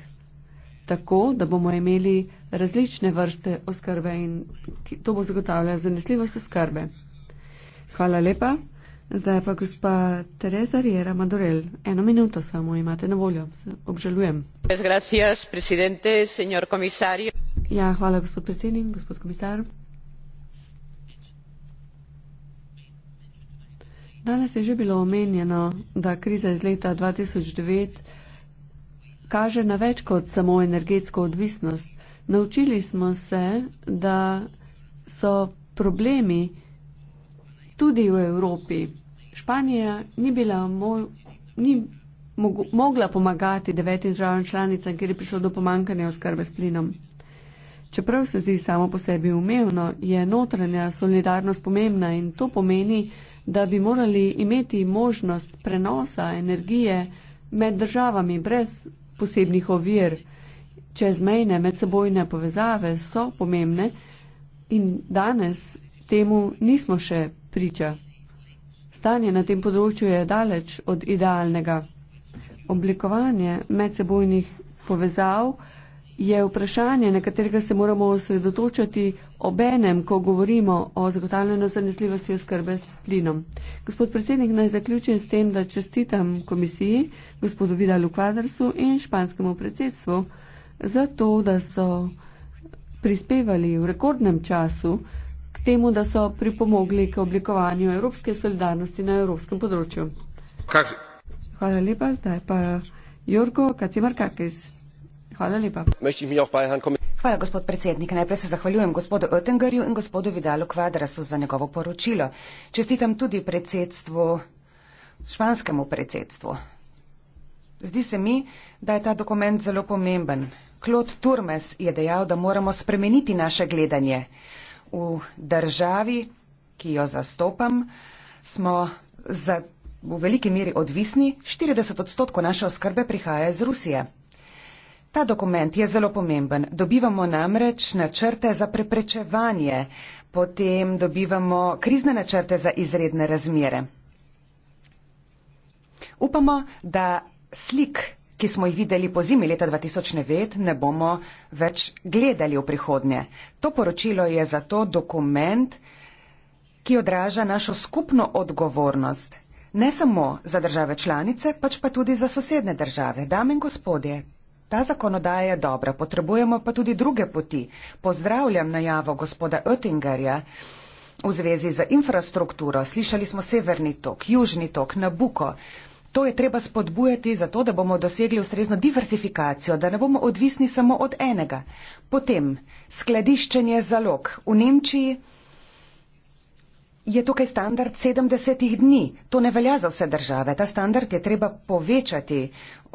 tako da bomo imeli različne vrste oskrbe in to bo zagotavljalo zanesljivost oskrbe. Hvala lepa. Zdaj pa gospa Teresa Riera Madurel. Eno minuto samo imate na voljo. Obžalujem. Ja, hvala, gospod predsednik, gospod komisar. Danes je že bilo omenjeno, da kriza iz leta 2009 kaže na več kot samo energetsko odvisnost. Naučili smo se, da so problemi tudi v Evropi. Španija ni bila mo ni mo mogla pomagati devetim državam članicam, kjer je prišlo do pomankanja oskrbe s plinom. Čeprav se zdi samo po sebi umevno, je notranja solidarnost pomembna in to pomeni, da bi morali imeti možnost prenosa energije med državami brez posebnih ovir čezmejne medsebojne povezave so pomembne in danes temu nismo še priča. Stanje na tem področju je daleč od idealnega. Oblikovanje medsebojnih povezav je vprašanje, na katerega se moramo osredotočati obenem, ko govorimo o zagotavljanju zanesljivosti oskrbe s plinom. Gospod predsednik, naj zaključim s tem, da čestitam komisiji, gospodu Vidalu Kvadrsu in španskemu predsedstvu zato, da so prispevali v rekordnem času k temu, da so pripomogli k oblikovanju evropske solidarnosti na evropskem področju. Kak? Hvala lepa, zdaj pa Jorko Kacimarkakis. Hvala lepa. Hvala, gospod predsednik. Najprej se zahvaljujem gospodu Oettingerju in gospodu Vidalu Kvadrasu za njegovo poročilo. Čestitam tudi predsedstvu, španskemu predsedstvu. Zdi se mi, da je ta dokument zelo pomemben Klot Turmes je dejal, da moramo spremeniti naše gledanje. V državi, ki jo zastopam, smo za, v veliki meri odvisni, 40 odstotkov naše oskrbe prihaja iz Rusije. Ta dokument je zelo pomemben. Dobivamo namreč načrte za preprečevanje, potem dobivamo krizne načrte za izredne razmere. Upamo, da slik ki smo jih videli po zimi leta 2009, ne bomo več gledali v prihodnje. To poročilo je zato dokument, ki odraža našo skupno odgovornost, ne samo za države članice, pač pa tudi za sosedne države. Dame in gospodje, ta zakonodaja je dobra, potrebujemo pa tudi druge poti. Pozdravljam najavo gospoda Oettingerja. V zvezi z infrastrukturo slišali smo severni tok, južni tok, Nabuko. To je treba spodbujati, zato da bomo dosegli ustrezno diversifikacijo, da ne bomo odvisni samo od enega. Potem skladiščenje zalog. V Nemčiji je tukaj standard 70 dni. To ne velja za vse države. Ta standard je treba povečati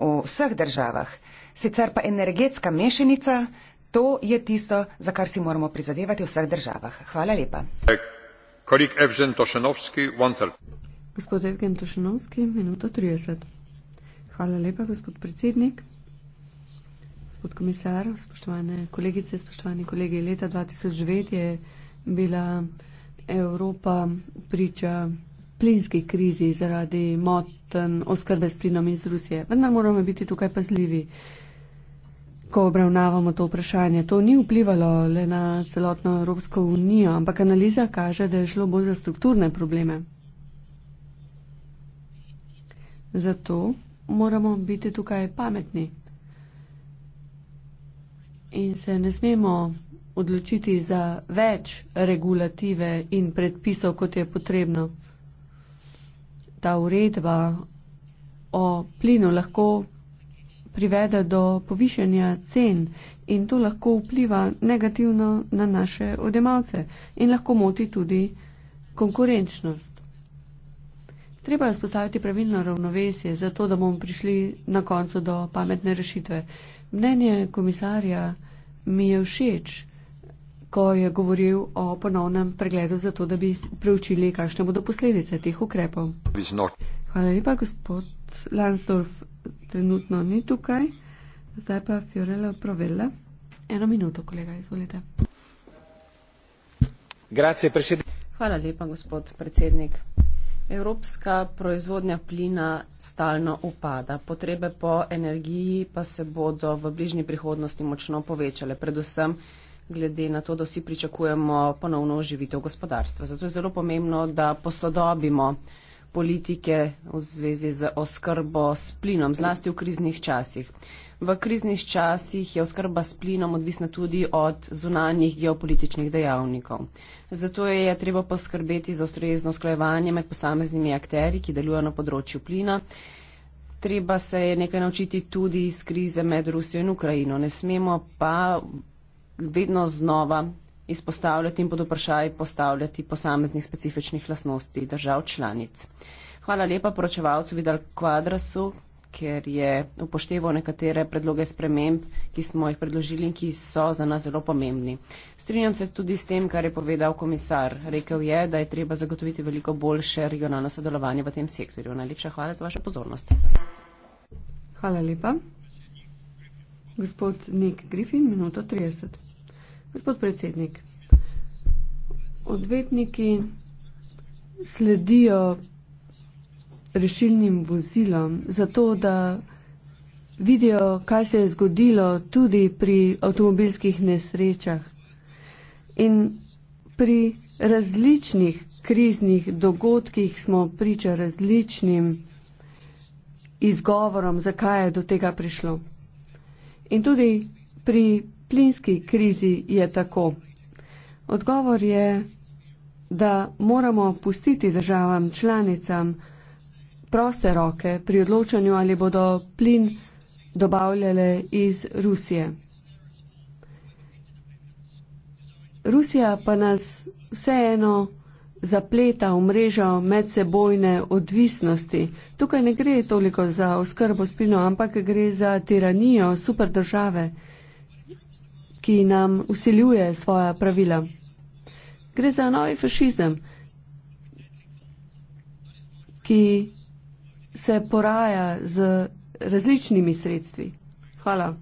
v vseh državah. Sicer pa energetska mešanica, to je tisto, za kar si moramo prizadevati v vseh državah. Hvala lepa. Kolik Evžen Tošenovski, one third. Gospod Evgen Tošinovski, minuto 30. Hvala lepa, gospod predsednik, gospod komisar, spoštovane kolegice, spoštovani kolegi. Leta 2009 je bila Evropa priča plinski krizi zaradi moten oskrbe s plinom iz Rusije. Vendar moramo biti tukaj pazljivi, ko obravnavamo to vprašanje. To ni vplivalo le na celotno Evropsko unijo, ampak analiza kaže, da je šlo bolj za strukturne probleme. Zato moramo biti tukaj pametni in se ne smemo odločiti za več regulative in predpisov, kot je potrebno. Ta uredba o plinu lahko privede do povišenja cen in to lahko vpliva negativno na naše odjemalce in lahko moti tudi konkurenčnost. Treba je vzpostaviti pravilno ravnovesje, zato da bomo prišli na koncu do pametne rešitve. Mnenje komisarja mi je všeč, ko je govoril o ponovnem pregledu, zato da bi preučili, kakšne bodo posledice teh ukrepov. Hvala lepa, gospod Lansdorf, trenutno ni tukaj. Zdaj pa Fiorella Provella. Eno minuto, kolega, izvolite. Hvala lepa, gospod predsednik. Evropska proizvodnja plina stalno upada, potrebe po energiji pa se bodo v bližnji prihodnosti močno povečale, predvsem glede na to, da vsi pričakujemo ponovno oživitev gospodarstva. Zato je zelo pomembno, da posodobimo politike v zvezi z oskrbo s plinom, zlasti v kriznih časih. V kriznih časih je oskrba s plinom odvisna tudi od zunanjih geopolitičnih dejavnikov. Zato je treba poskrbeti za ustrezno usklajevanje med posameznimi akteri, ki delujejo na področju plina. Treba se je nekaj naučiti tudi iz krize med Rusijo in Ukrajino. Ne smemo pa vedno znova izpostavljati in pod vprašaj postavljati posameznih specifičnih lasnosti držav članic. Hvala lepa poročevalcu Vidal Kvadrasu, ker je upošteval nekatere predloge sprememb, ki smo jih predložili in ki so za nas zelo pomembni. Strinjam se tudi s tem, kar je povedal komisar. Rekel je, da je treba zagotoviti veliko boljše regionalno sodelovanje v tem sektorju. Najlepša hvala za vašo pozornost. Hvala lepa. Gospod Nik Griffin, minuto 30. Gospod predsednik, odvetniki sledijo rešilnim vozilom, zato da vidijo, kaj se je zgodilo tudi pri avtomobilskih nesrečah. In pri različnih kriznih dogodkih smo priča različnim izgovorom, zakaj je do tega prišlo. In tudi pri plinski krizi je tako. Odgovor je, da moramo pustiti državam članicam, proste roke pri odločanju, ali bodo plin dobavljale iz Rusije. Rusija pa nas vseeno zapleta v mrežo medsebojne odvisnosti. Tukaj ne gre toliko za oskrbo s plinom, ampak gre za tiranijo superdržave, ki nam usiljuje svoja pravila. Gre za novi fašizem, ki se poraja z različnimi sredstvi. Hvala.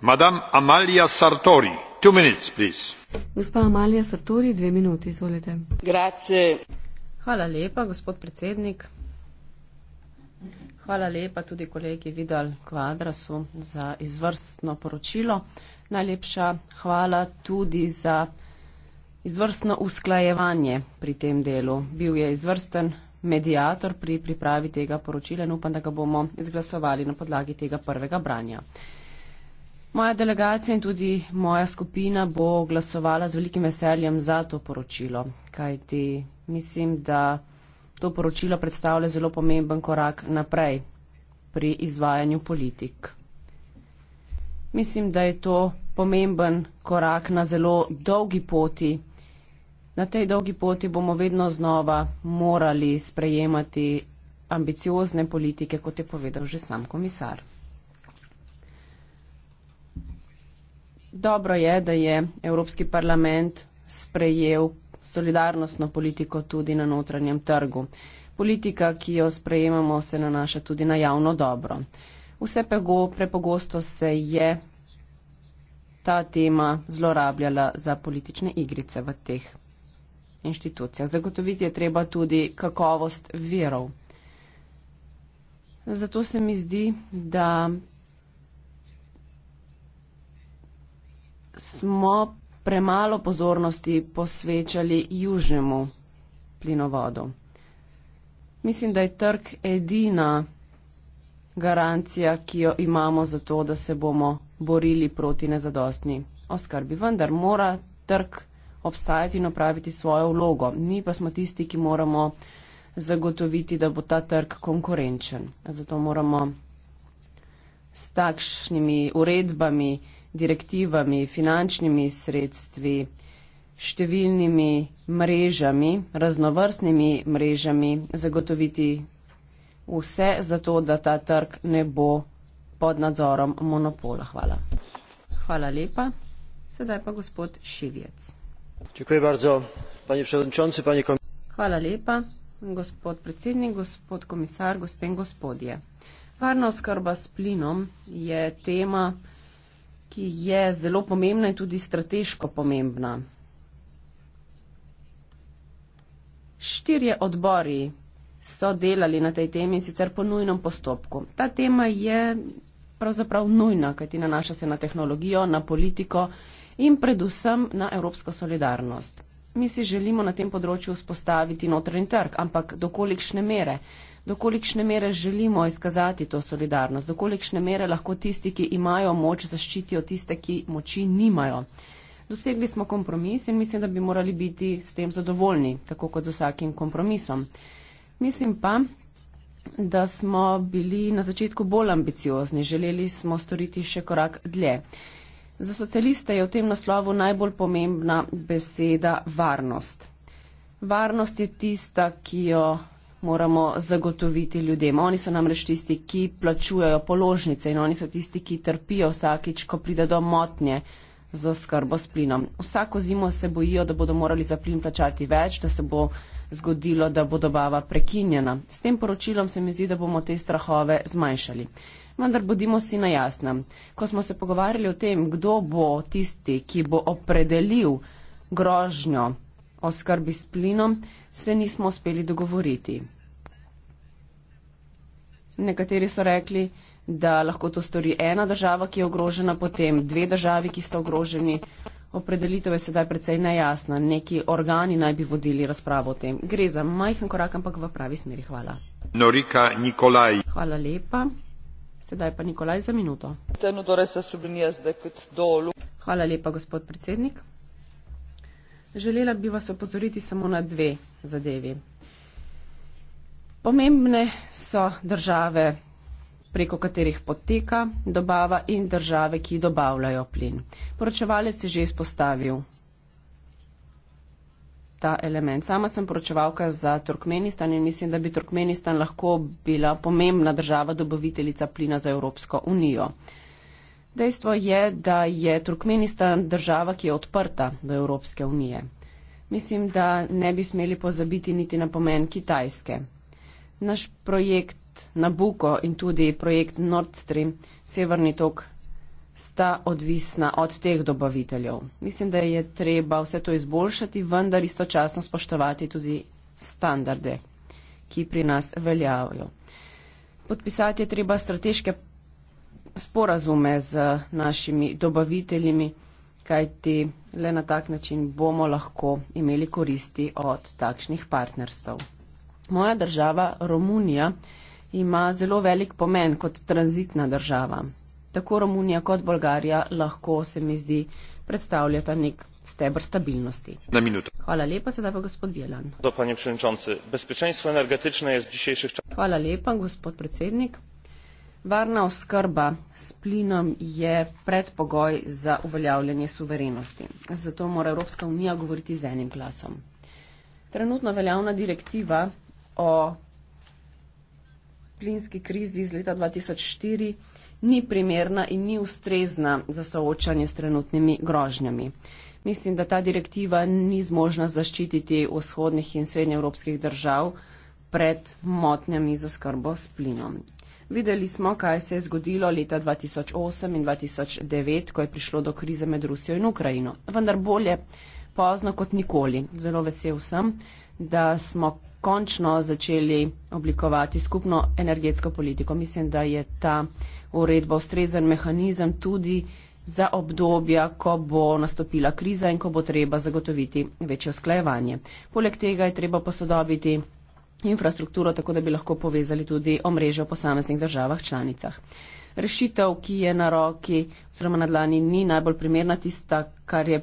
Madame Amalia Sartori, two minutes, please. Gospa Amalia Sartori, dve minuti, izvolite. Grazie. Hvala lepa, gospod predsednik. Hvala lepa tudi kolegi Vidal Kvadrasu za izvrstno poročilo. Najlepša hvala tudi za izvrstno usklajevanje pri tem delu. Bil je izvrsten medijator pri pripravi tega poročila in upam, da ga bomo izglasovali na podlagi tega prvega branja. Moja delegacija in tudi moja skupina bo glasovala z velikim veseljem za to poročilo, kajti mislim, da to poročilo predstavlja zelo pomemben korak naprej pri izvajanju politik. Mislim, da je to pomemben korak na zelo dolgi poti Na tej dolgi poti bomo vedno znova morali sprejemati ambiciozne politike, kot je povedal že sam komisar. Dobro je, da je Evropski parlament sprejel solidarnostno politiko tudi na notranjem trgu. Politika, ki jo sprejemamo, se nanaša tudi na javno dobro. Vse pego, prepogosto se je ta tema zlorabljala za politične igrice v teh inštitucijah. Zagotoviti je treba tudi kakovost verov. Zato se mi zdi, da smo premalo pozornosti posvečali južnemu plinovodu. Mislim, da je trg edina garancija, ki jo imamo za to, da se bomo borili proti nezadostni oskrbi. Vendar mora trg obstajati in opraviti svojo vlogo. Mi pa smo tisti, ki moramo zagotoviti, da bo ta trg konkurenčen. Zato moramo s takšnimi uredbami, direktivami, finančnimi sredstvi, številnimi mrežami, raznovrstnimi mrežami zagotoviti vse za to, da ta trg ne bo pod nadzorom monopola. Hvala. Hvala lepa. Sedaj pa gospod Šivjec. Hvala lepa, gospod predsednik, gospod komisar, gospe in gospodje. Varna oskrba s plinom je tema, ki je zelo pomembna in tudi strateško pomembna. Štirje odbori so delali na tej temi in sicer po nujnem postopku. Ta tema je pravzaprav nujna, kajti nanaša se na tehnologijo, na politiko in na tehnologijo in predvsem na evropsko solidarnost. Mi si želimo na tem področju vzpostaviti notranji trg, ampak dokolikšne mere? Dokolikšne mere želimo izkazati to solidarnost? Dokolikšne mere lahko tisti, ki imajo moč, zaščitijo tiste, ki moči nimajo? Dosegli smo kompromis in mislim, da bi morali biti s tem zadovoljni, tako kot z vsakim kompromisom. Mislim pa, da smo bili na začetku bolj ambiciozni, želeli smo storiti še korak dlje. Za socialiste je v tem naslovu najbolj pomembna beseda varnost. Varnost je tista, ki jo moramo zagotoviti ljudem. Oni so namreč tisti, ki plačujejo položnice in oni so tisti, ki trpijo vsakič, ko pride do motnje z oskrbo s plinom. Vsako zimo se bojijo, da bodo morali za plin plačati več, da se bo zgodilo, da bo dobava prekinjena. S tem poročilom se mi zdi, da bomo te strahove zmanjšali vendar bodimo si na jasnem. Ko smo se pogovarjali o tem, kdo bo tisti, ki bo opredelil grožnjo o skrbi s plinom, se nismo uspeli dogovoriti. Nekateri so rekli, da lahko to stori ena država, ki je ogrožena, potem dve državi, ki sta ogroženi. Opredelitev je sedaj precej nejasna. Neki organi naj bi vodili razpravo o tem. Gre za majhen korak, ampak v pravi smeri. Hvala. Norika Nikolaj. Hvala lepa. Sedaj pa Nikolaj za minuto. Hvala lepa, gospod predsednik. Želela bi vas opozoriti samo na dve zadevi. Pomembne so države, preko katerih poteka dobava in države, ki dobavljajo plin. Poročevalec je že izpostavil ta element. Sama sem poročevalka za Turkmenistan in mislim, da bi Turkmenistan lahko bila pomembna država dobaviteljica plina za Evropsko unijo. Dejstvo je, da je Turkmenistan država, ki je odprta do Evropske unije. Mislim, da ne bi smeli pozabiti niti na pomen Kitajske. Naš projekt Nabuko in tudi projekt Nord Stream, Severni tok, sta odvisna od teh dobaviteljev. Mislim, da je treba vse to izboljšati, vendar istočasno spoštovati tudi standarde, ki pri nas veljavajo. Podpisati je treba strateške sporazume z našimi dobaviteljimi, kajti le na tak način bomo lahko imeli koristi od takšnih partnerstv. Moja država, Romunija, ima zelo velik pomen kot tranzitna država tako Romunija kot Bolgarija lahko, se mi zdi, predstavljata nek stebr stabilnosti. Na minuto. Hvala lepa, sedaj pa gospod Bielan. Za panje predsednice, bezpečenstvo energetično je z dišejših časov. Hvala lepa, gospod predsednik. Varna oskrba s plinom je predpogoj za uveljavljanje suverenosti. Zato mora Evropska unija govoriti z enim glasom. Trenutno veljavna direktiva o plinski krizi iz leta 2004 ni primerna in ni ustrezna za soočanje s trenutnimi grožnjami. Mislim, da ta direktiva ni zmožna zaščititi vzhodnih in srednjeevropskih držav pred motnjami z oskrbo s plinom. Videli smo, kaj se je zgodilo leta 2008 in 2009, ko je prišlo do krize med Rusijo in Ukrajino. Vendar bolje pozno kot nikoli. Zelo vesel sem, da smo končno začeli oblikovati skupno energetsko politiko. Mislim, da je ta uredba ustrezen mehanizem tudi za obdobja, ko bo nastopila kriza in ko bo treba zagotoviti večje sklajevanje. Poleg tega je treba posodobiti infrastrukturo, tako da bi lahko povezali tudi omrežje v posameznih državah članicah. Rešitev, ki je na roki oziroma na dlani, ni najbolj primerna, tista, kar je,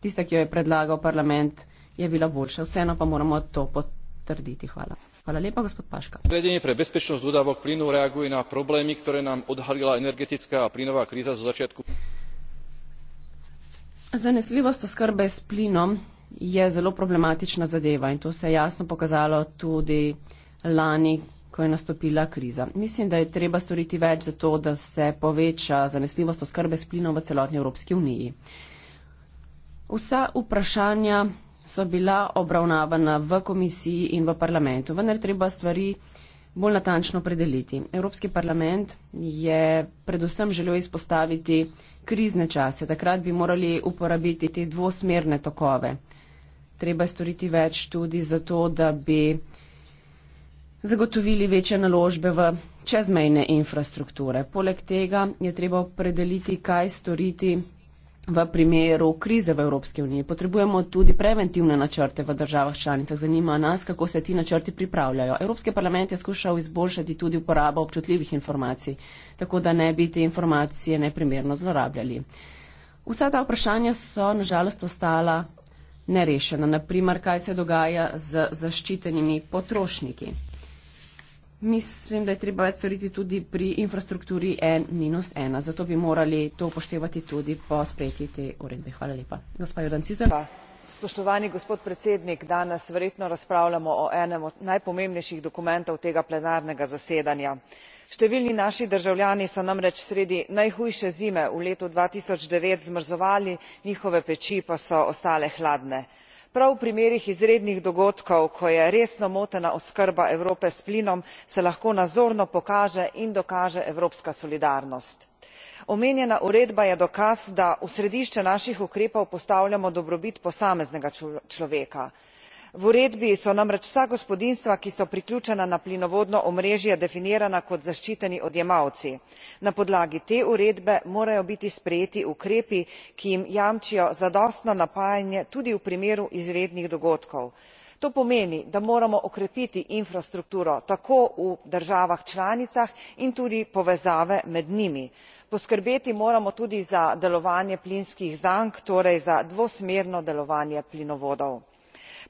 tista, ki jo je predlagal parlament, je bila boljša. Vseeno pa moramo to potrebovati trditi. Hvala. Hvala lepa, gospod Paška. Vedenie pre bezpečnosť dodávok plynu reaguje na problémy, ktoré nám odhalila energetická a plynová kríza zo začiatku. Zanesljivost oskrbe s plinom je zelo problematična zadeva in to se je jasno pokazalo tudi lani, ko je nastopila kriza. Mislim, da je treba storiti več za to, da se poveča zanesljivost oskrbe s plinom v celotni Evropski uniji. Vsa vprašanja so bila obravnavana v komisiji in v parlamentu. Vendar treba stvari bolj natančno predeliti. Evropski parlament je predvsem želel izpostaviti krizne čase. Takrat bi morali uporabiti te dvosmerne tokove. Treba je storiti več tudi zato, da bi zagotovili večje naložbe v čezmejne infrastrukture. Poleg tega je treba predeliti, kaj storiti v primeru krize v Evropski uniji. Potrebujemo tudi preventivne načrte v državah članicah. Zanima nas, kako se ti načrti pripravljajo. Evropski parlament je skušal izboljšati tudi uporabo občutljivih informacij, tako da ne bi te informacije neprimerno zlorabljali. Vsa ta vprašanja so nažalost ostala nerešena. Naprimer, kaj se dogaja z zaščitenimi potrošniki mislim, da je treba več storiti tudi pri infrastrukturi N minus ena. Zato bi morali to upoštevati tudi po sprejeti te uredbe. Hvala lepa. Gospa Jodancizem. Spoštovani gospod predsednik, danes verjetno razpravljamo o enem od najpomembnejših dokumentov tega plenarnega zasedanja. Številni naši državljani so namreč sredi najhujše zime v letu dva tisoč devet zmrzovali, njihove peči pa so ostale hladne prav v primerih izrednih dogodkov ko je resno motena oskrba evrope s plinom se lahko nazorno pokaže in dokaže evropska solidarnost. omenjena uredba je dokaz da v središče naših ukrepov postavljamo dobrobit posameznega človeka v uredbi so namreč vsa gospodinjstva ki so priključena na plinovodno omrežje definirana kot zaščiteni odjemalci. na podlagi te uredbe morajo biti sprejeti ukrepi ki jim jamčijo zadostno napajanje tudi v primeru izrednih dogodkov. to pomeni da moramo okrepiti infrastrukturo tako v državah članicah in tudi povezave med njimi. poskrbeti moramo tudi za delovanje plinskih zank torej za dvosmerno delovanje plinovodov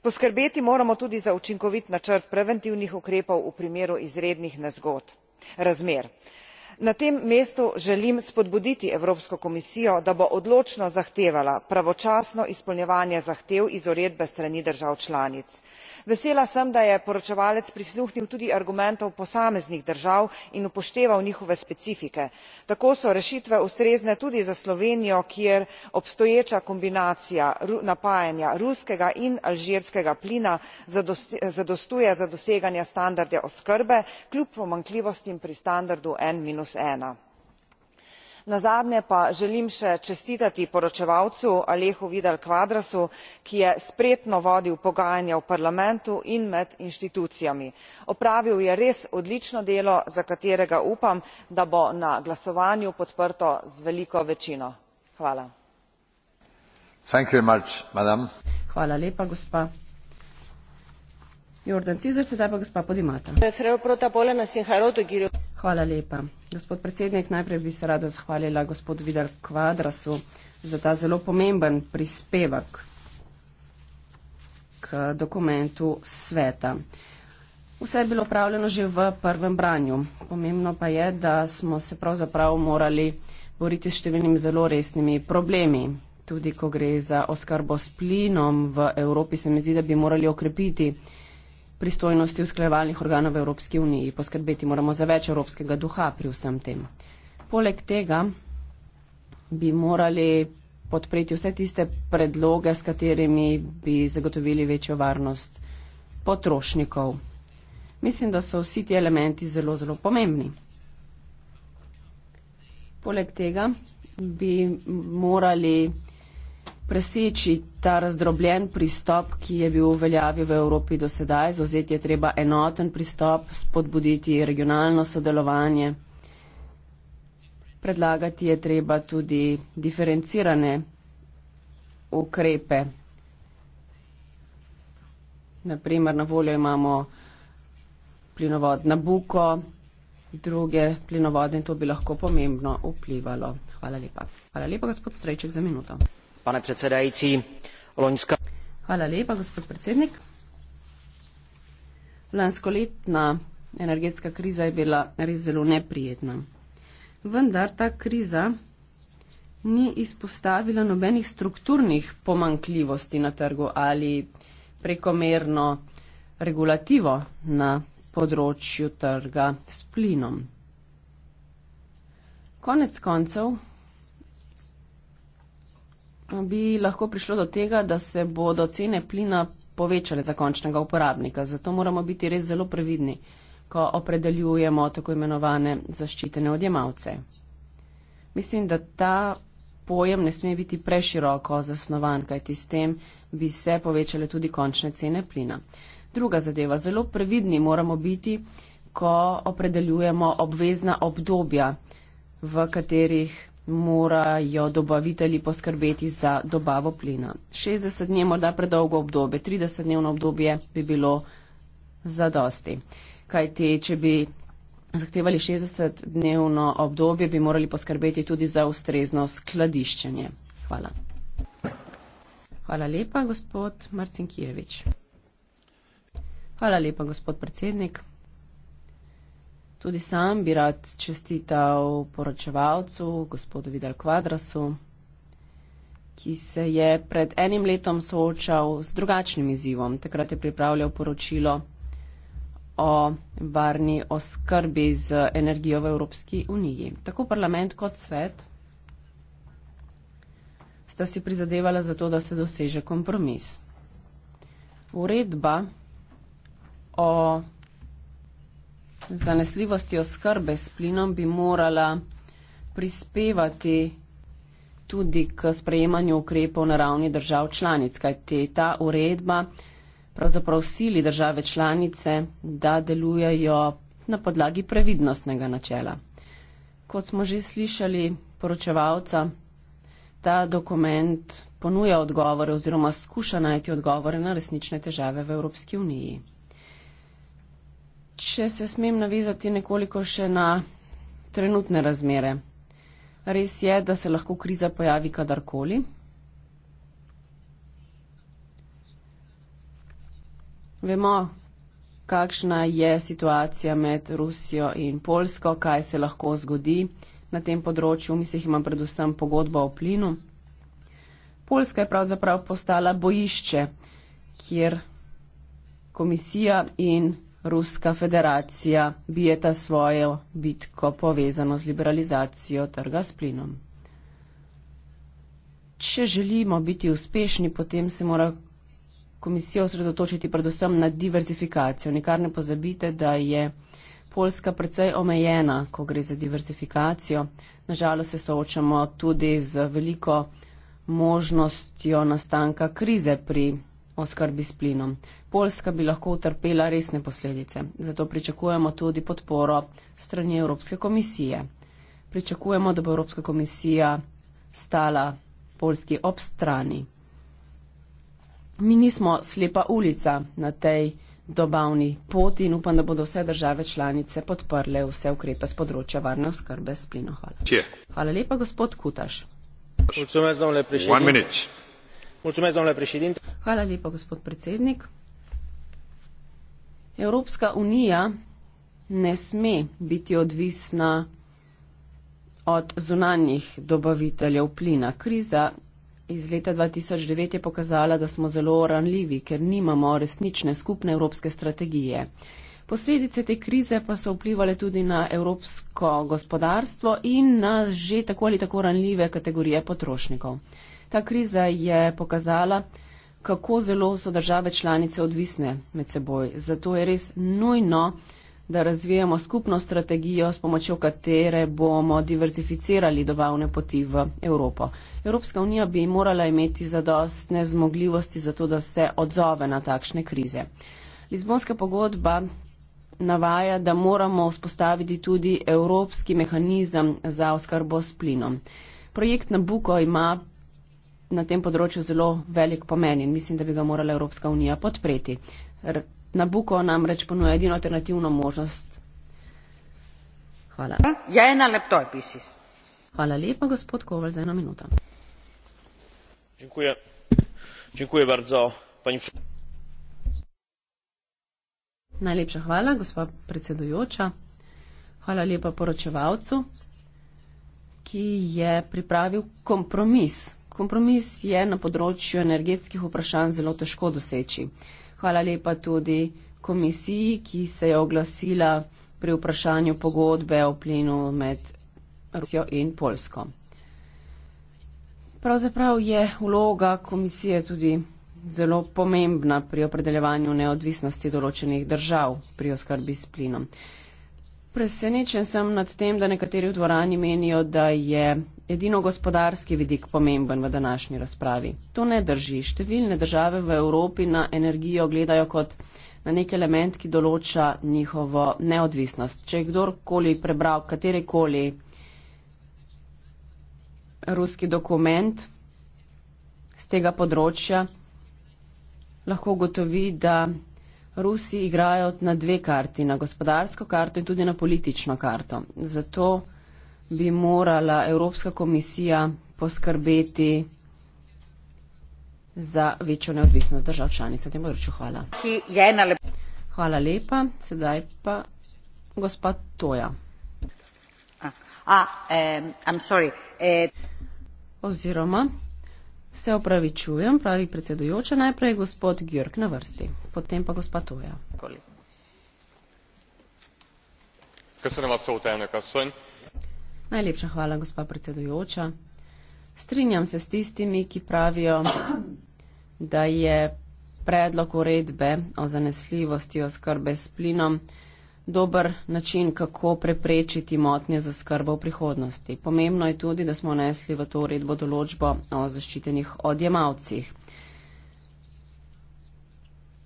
poskrbeti moramo tudi za učinkovit načrt preventivnih ukrepov v primeru izrednih nezgod razmer na tem mestu želim spodbuditi evropsko komisijo da bo odločno zahtevala pravočasno izpolnjevanje zahtev iz uredbe s strani držav članic. vesela sem da je poročevalec prisluhnil tudi argumentom posameznih držav in upošteval njihove specifike. tako so rešitve ustrezne tudi za slovenijo kjer obstoječa kombinacija napajanja ruskega in alžirskega plina zadostuje za doseganje standarde oskrbe kljub pomanjkljivostim pri standardu n ena nazadnje pa želim še čestitati poročevalcu alechu vidal quadrasu ki je spretno vodil pogajanja v parlamentu in med inštitucijami. opravil je res odlično delo za katerega upam da bo na glasovanju podprto z veliko večino. hvala. Hvala lepa. Gospod predsednik, najprej bi se rada zahvalila gospod Vidar Kvadrasu za ta zelo pomemben prispevek k dokumentu sveta. Vse je bilo pravljeno že v prvem branju. Pomembno pa je, da smo se pravzaprav morali boriti s številnimi zelo resnimi problemi. Tudi ko gre za oskrbo s plinom v Evropi, se mi zdi, da bi morali okrepiti pristojnosti usklajevalnih organov v Evropski uniji. Poskrbeti moramo za več evropskega duha pri vsem tem. Poleg tega bi morali podpreti vse tiste predloge, s katerimi bi zagotovili večjo varnost potrošnikov. Mislim, da so vsi ti elementi zelo, zelo pomembni. Poleg tega bi morali preseči ta razdrobljen pristop, ki je bil v veljavi v Evropi do sedaj. Zauzeti je treba enoten pristop, spodbuditi regionalno sodelovanje. Predlagati je treba tudi diferencirane ukrepe. Naprimer, na voljo imamo plinovod na Buko, druge plinovode in to bi lahko pomembno vplivalo. Hvala lepa. Hvala lepa, gospod Strejček, za minuto pane předsedající loňská. lanskoletna energetska kriza je bila res zelo neprijetna vendar ta kriza ni izpostavila nobenih strukturnih pomankljivosti na trgu ali prekomerno regulativo na področju trga s plinom. Konec koncev bi lahko prišlo do tega, da se bodo cene plina povečale za končnega uporabnika. Zato moramo biti res zelo previdni, ko opredeljujemo tako imenovane zaščitene odjemalce. Mislim, da ta pojem ne sme biti preširoko zasnovan, kajti s tem bi se povečale tudi končne cene plina. Druga zadeva. Zelo previdni moramo biti, ko opredeljujemo obvezna obdobja, v katerih morajo dobavitelji poskrbeti za dobavo plina. 60 dni je morda predolgo obdobje, 30 dnevno obdobje bi bilo za dosti. Kaj te, če bi zahtevali 60 dnevno obdobje, bi morali poskrbeti tudi za ustrezno skladiščenje. Hvala. Hvala lepa, gospod Marcin Kijevič. Hvala lepa, gospod predsednik. Tudi sam bi rad čestital poročevalcu, gospodu Vidal Quadrasu, ki se je pred enim letom soočal z drugačnim izzivom. Takrat je pripravljal poročilo o varni oskrbi z energijo v Evropski uniji. Tako parlament kot svet sta si prizadevala za to, da se doseže kompromis. Uredba o zanesljivosti oskrbe s plinom bi morala prispevati tudi k sprejemanju ukrepov na ravni držav članic, kajti ta uredba pravzaprav sili države članice, da delujejo na podlagi previdnostnega načela. Kot smo že slišali poročevalca, ta dokument ponuja odgovore oziroma skuša najti odgovore na resnične težave v Evropski uniji če se smem navezati nekoliko še na trenutne razmere. Res je, da se lahko kriza pojavi kadarkoli. Vemo, kakšna je situacija med Rusijo in Polsko, kaj se lahko zgodi na tem področju. V mislih imam predvsem pogodbo o plinu. Polska je pravzaprav postala bojišče, kjer komisija in Ruska federacija bije ta svojo bitko povezano z liberalizacijo trga s plinom. Če želimo biti uspešni, potem se mora komisija osredotočiti predvsem na diverzifikacijo. Nikar ne pozabite, da je Poljska precej omejena, ko gre za diverzifikacijo. Nažalost se soočamo tudi z veliko možnostjo nastanka krize pri oskrbi s plinom. Poljska bi lahko utrpela resne posledice, zato pričakujemo tudi podporo strani Evropske komisije. Pričakujemo, da bo Evropska komisija stala Poljski ob strani. Mi nismo slepa ulica na tej dobavni poti in upam, da bodo vse države članice podprle vse ukrepe z področja varne oskrbe s plino. Hvala. Hvala lepa, gospod Kutaš. Mulțumesc, domnule președinte. Mulțumesc, domnule președinte. Hvala lepa, gospod predsednik. Evropska unija ne sme biti odvisna od zunanjih dobaviteljev plina. Kriza iz leta 2009 je pokazala, da smo zelo ranljivi, ker nimamo resnične skupne evropske strategije. Posledice te krize pa so vplivali tudi na evropsko gospodarstvo in na že tako ali tako ranljive kategorije potrošnikov. Ta kriza je pokazala, kako zelo so države članice odvisne med seboj. Zato je res nujno, da razvijamo skupno strategijo, s pomočjo katere bomo diverzificirali dobavne poti v Evropo. Evropska unija bi morala imeti zadostne zmogljivosti za to, da se odzove na takšne krize. Lizbonska pogodba navaja, da moramo vzpostaviti tudi evropski mehanizem za oskrbo s plinom. Projekt Nabuko ima na tem področju zelo velik pomen in mislim, da bi ga morala Evropska unija podpreti. R Nabuko namreč ponuja edino alternativno možnost. Hvala. Ja, ena lepto je pisis. Hvala lepa, gospod Koval, za eno minuto. Dziękuję. Dziękuję bardzo, pani Najlepša hvala, gospa predsedujoča. Hvala lepa poročevalcu, ki je pripravil kompromis. Kompromis je na področju energetskih vprašanj zelo težko doseči. Hvala lepa tudi komisiji, ki se je oglasila pri vprašanju pogodbe o plinu med Rusijo in Polsko. Pravzaprav je vloga komisije tudi zelo pomembna pri opredeljevanju neodvisnosti določenih držav pri oskrbi s plinom. Presenečen sem nad tem, da nekateri v dvorani menijo, da je edino gospodarski vidik pomemben v današnji razpravi. To ne drži. Številne države v Evropi na energijo gledajo kot na nek element, ki določa njihovo neodvisnost. Če je kdorkoli prebral katerikoli ruski dokument z tega področja, lahko gotovi, da Rusi igrajo na dve karti, na gospodarsko karto in tudi na politično karto. Zato bi morala Evropska komisija poskrbeti za večjo neodvisnost držav članic. Na tem področju hvala. Hvala lepa. Sedaj pa gospa Toja. A, a, um, sorry, a... Eh, Oziroma, Se opravičujem, pravi predsedujoča, najprej gospod Gjörg na vrsti, potem pa gospa Toja. Najlepša hvala, gospa predsedujoča. Strinjam se s tistimi, ki pravijo, da je predlog uredbe o zanesljivosti oskrbe s plinom dober način, kako preprečiti motnje z oskrbo v prihodnosti. Pomembno je tudi, da smo nesli v to uredbo določbo o zaščitenih odjemalcih.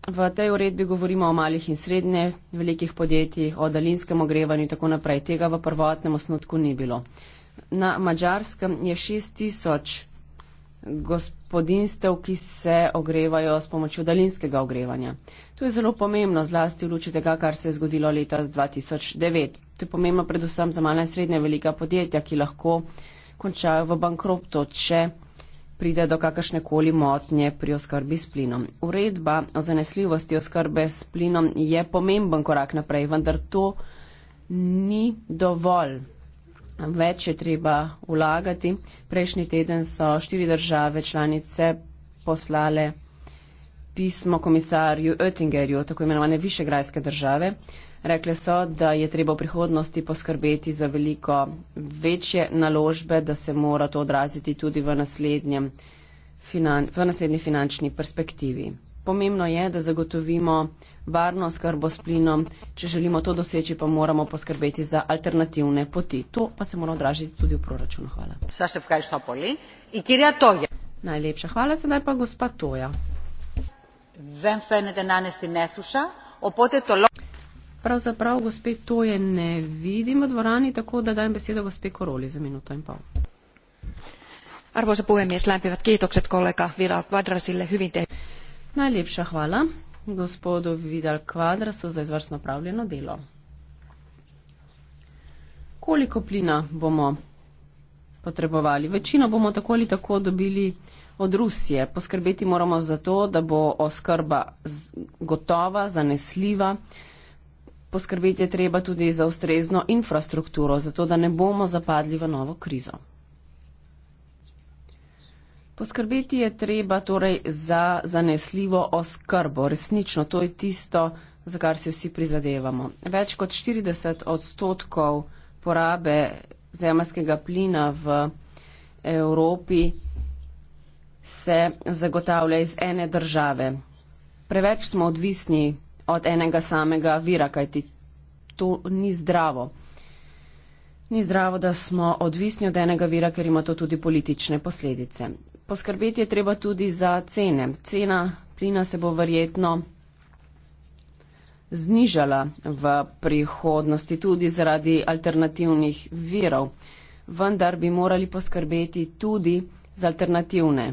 V tej uredbi govorimo o malih in srednje velikih podjetjih, o daljinskem ogrevanju in tako naprej. Tega v prvotnem osnutku ni bilo. Na Mačarskem je 6000 gospodinstev, ki se ogrevajo s pomočjo daljinskega ogrevanja. To je zelo pomembno, zlasti v luči tega, kar se je zgodilo leta 2009. To je pomembno predvsem za mala in srednja velika podjetja, ki lahko končajo v bankroptu, če pride do kakršnekoli motnje pri oskrbi s plinom. Uredba o zanesljivosti oskrbe s plinom je pomemben korak naprej, vendar to ni dovolj več je treba vlagati. Prejšnji teden so štiri države članice poslale pismo komisarju Oettingerju, tako imenovane Višegrajske države. Rekle so, da je treba v prihodnosti poskrbeti za veliko večje naložbe, da se mora to odraziti tudi v, finan v naslednji finančni perspektivi. Pomembno je, da zagotovimo varnost karbosplinom, če želimo to doseči, pa moramo poskrbeti za alternativne poti. To pa se mora odražiti tudi v proračunu. Hvala. Najlepša hvala, sedaj pa gospa Toja. Pravzaprav gospe Toje ne vidim v dvorani, tako da dajem besedo gospe Koroli za minuto in pol. Arvoisa puhemies, lämpimät kiitokset kollega Vidal Quadrasille hyvin tehtyä. Najlepša hvala gospodu Vidal Kvadrasu za izvrstno pravljeno delo. Koliko plina bomo potrebovali? Večino bomo tako ali tako dobili od Rusije. Poskrbeti moramo za to, da bo oskrba gotova, zanesljiva. Poskrbeti je treba tudi za ustrezno infrastrukturo, zato da ne bomo zapadli v novo krizo. Poskrbeti je treba torej za zanesljivo oskrbo. Resnično, to je tisto, za kar si vsi prizadevamo. Več kot 40 odstotkov porabe zemljskega plina v Evropi se zagotavlja iz ene države. Preveč smo odvisni od enega samega vira, kajti to ni zdravo. Ni zdravo, da smo odvisni od enega vira, ker ima to tudi politične posledice poskrbeti je treba tudi za cene. Cena plina se bo verjetno znižala v prihodnosti tudi zaradi alternativnih virov, vendar bi morali poskrbeti tudi za alternativne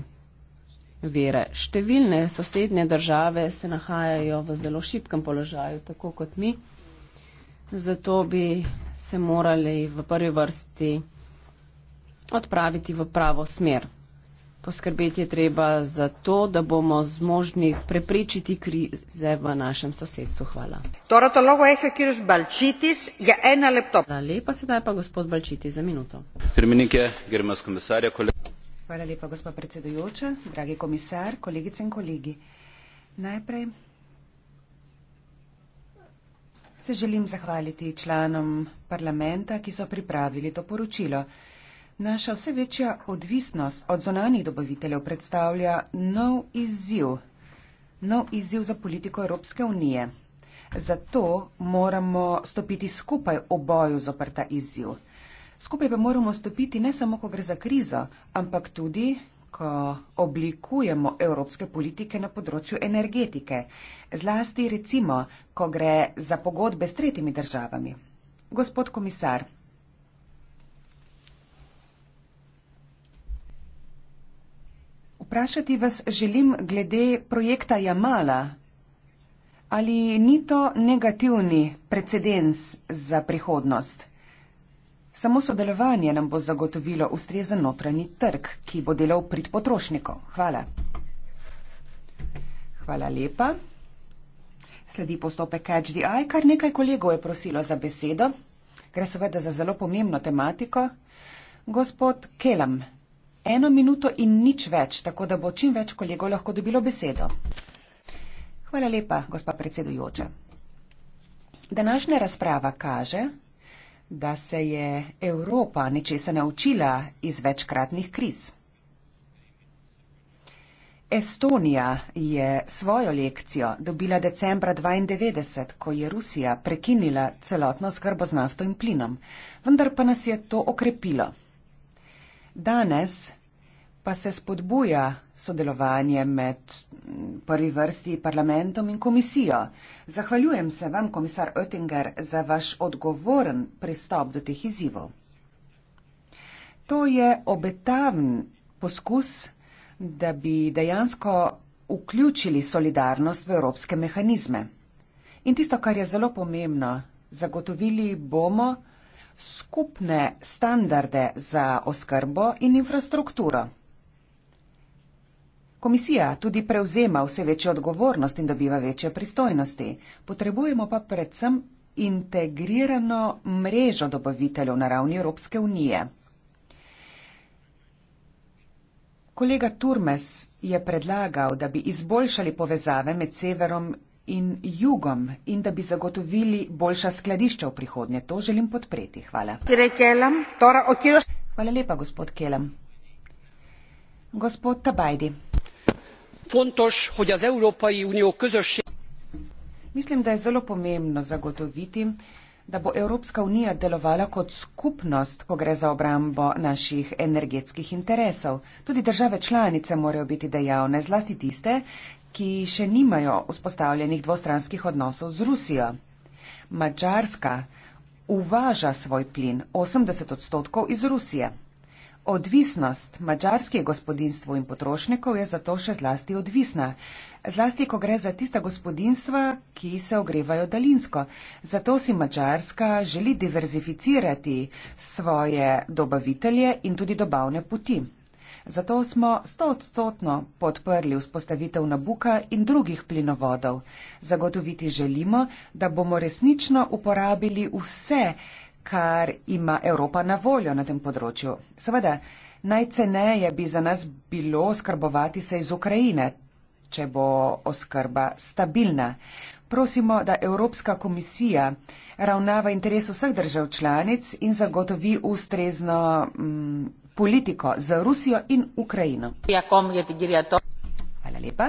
vire. Številne sosednje države se nahajajo v zelo šipkem položaju, tako kot mi, zato bi se morali v prvi vrsti odpraviti v pravo smer. Poskrbeti je treba za to, da bomo zmožni prepričiti krize v našem sosedstvu. Hvala. Hvala lepa, sedaj pa gospod Balčiti za minuto. Hvala lepa, gospod predsedujoča, dragi komisar, kolegice in kolegi. Najprej se želim zahvaliti članom parlamenta, ki so pripravili to poročilo. Naša vse večja odvisnost od zonanih dobaviteljev predstavlja nov izziv, nov izziv za politiko Evropske unije. Zato moramo stopiti skupaj v boju z oprta izziv. Skupaj pa moramo stopiti ne samo, ko gre za krizo, ampak tudi, ko oblikujemo evropske politike na področju energetike. Zlasti recimo, ko gre za pogodbe s tretjimi državami. Gospod komisar, Vprašati vas želim glede projekta Jamala. Ali ni to negativni precedens za prihodnost? Samo sodelovanje nam bo zagotovilo ustrezen notranji trg, ki bo delal prid potrošnikov. Hvala. Hvala lepa. Sledi postopek Catch the Eye, kar nekaj kolegov je prosilo za besedo. Gre seveda za zelo pomembno tematiko. Gospod Kelam eno minuto in nič več, tako da bo čim več kolegov lahko dobilo besedo. Hvala lepa, gospa predsedujoča. Današnja razprava kaže, da se je Evropa nečesa naučila iz večkratnih kriz. Estonija je svojo lekcijo dobila decembra 1992, ko je Rusija prekinila celotno skrbo z nafto in plinom, vendar pa nas je to okrepilo. Danes pa se spodbuja sodelovanje med prvi vrsti parlamentom in komisijo. Zahvaljujem se vam, komisar Oettinger, za vaš odgovoren pristop do teh izzivov. To je obetavn poskus, da bi dejansko vključili solidarnost v evropske mehanizme. In tisto, kar je zelo pomembno, zagotovili bomo, skupne standarde za oskrbo in infrastrukturo. Komisija tudi prevzema vse večjo odgovornost in dobiva večje pristojnosti. Potrebujemo pa predvsem integrirano mrežo dobaviteljev na ravni Evropske unije. Kolega Turmes je predlagal, da bi izboljšali povezave med severom in jugom in da bi zagotovili boljša skladišča v prihodnje. To želim podpreti. Hvala. Torej, torej, Hvala lepa, gospod Kelem. Gospod Tabajdi. Fontos, hogy az Európai Unió közösség... Mislim, da je zelo pomembno zagotoviti, da bo Evropska unija delovala kot skupnost, ko gre za obrambo naših energetskih interesov. Tudi države članice morajo biti dejavne, zlasti tiste, ki še nimajo vzpostavljenih dvostranskih odnosov z Rusijo. Mačarska uvaža svoj plin 80 odstotkov iz Rusije. Odvisnost mačarskih gospodinstv in potrošnikov je zato še zlasti odvisna. Zlasti, ko gre za tista gospodinstva, ki se ogrevajo daljinsko. Zato si Mačarska želi diverzificirati svoje dobavitelje in tudi dobavne poti. Zato smo stoodstotno podprli vzpostavitev Nabuka in drugih plinovodov. Zagotoviti želimo, da bomo resnično uporabili vse, kar ima Evropa na voljo na tem področju. Seveda, najceneje bi za nas bilo skrbovati se iz Ukrajine, če bo oskrba stabilna. Prosimo, da Evropska komisija ravna v interesu vseh držav članic in zagotovi ustrezno. Mm, politiko z Rusijo in Ukrajino. Hvala lepa.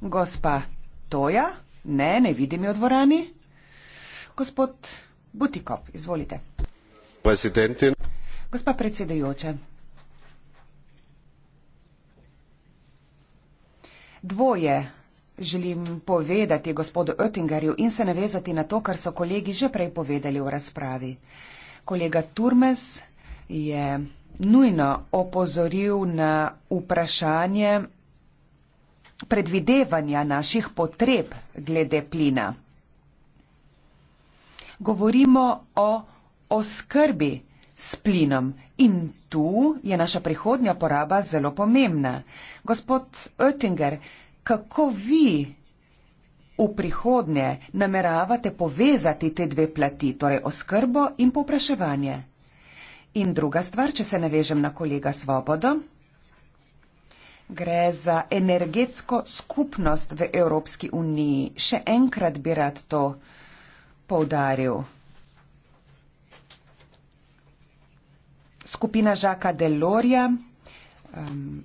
Gospa Toja, ne, ne vidim jo v dvorani. Gospod Butiko, izvolite. Presidentin. Gospa predsedujoča. Dvoje želim povedati gospodu Oettingerju in se navezati na to, kar so kolegi že prej povedali v razpravi. Kolega Turmes je nujno opozoril na vprašanje predvidevanja naših potreb glede plina. Govorimo o oskrbi s plinom in tu je naša prihodnja poraba zelo pomembna. Gospod Oettinger, kako vi v prihodnje nameravate povezati te dve plati, torej oskrbo in popraševanje? In druga stvar, če se ne vežem na kolega Svobodo, gre za energetsko skupnost v Evropski uniji. Še enkrat bi rad to povdaril. Skupina Žaka Delorja um,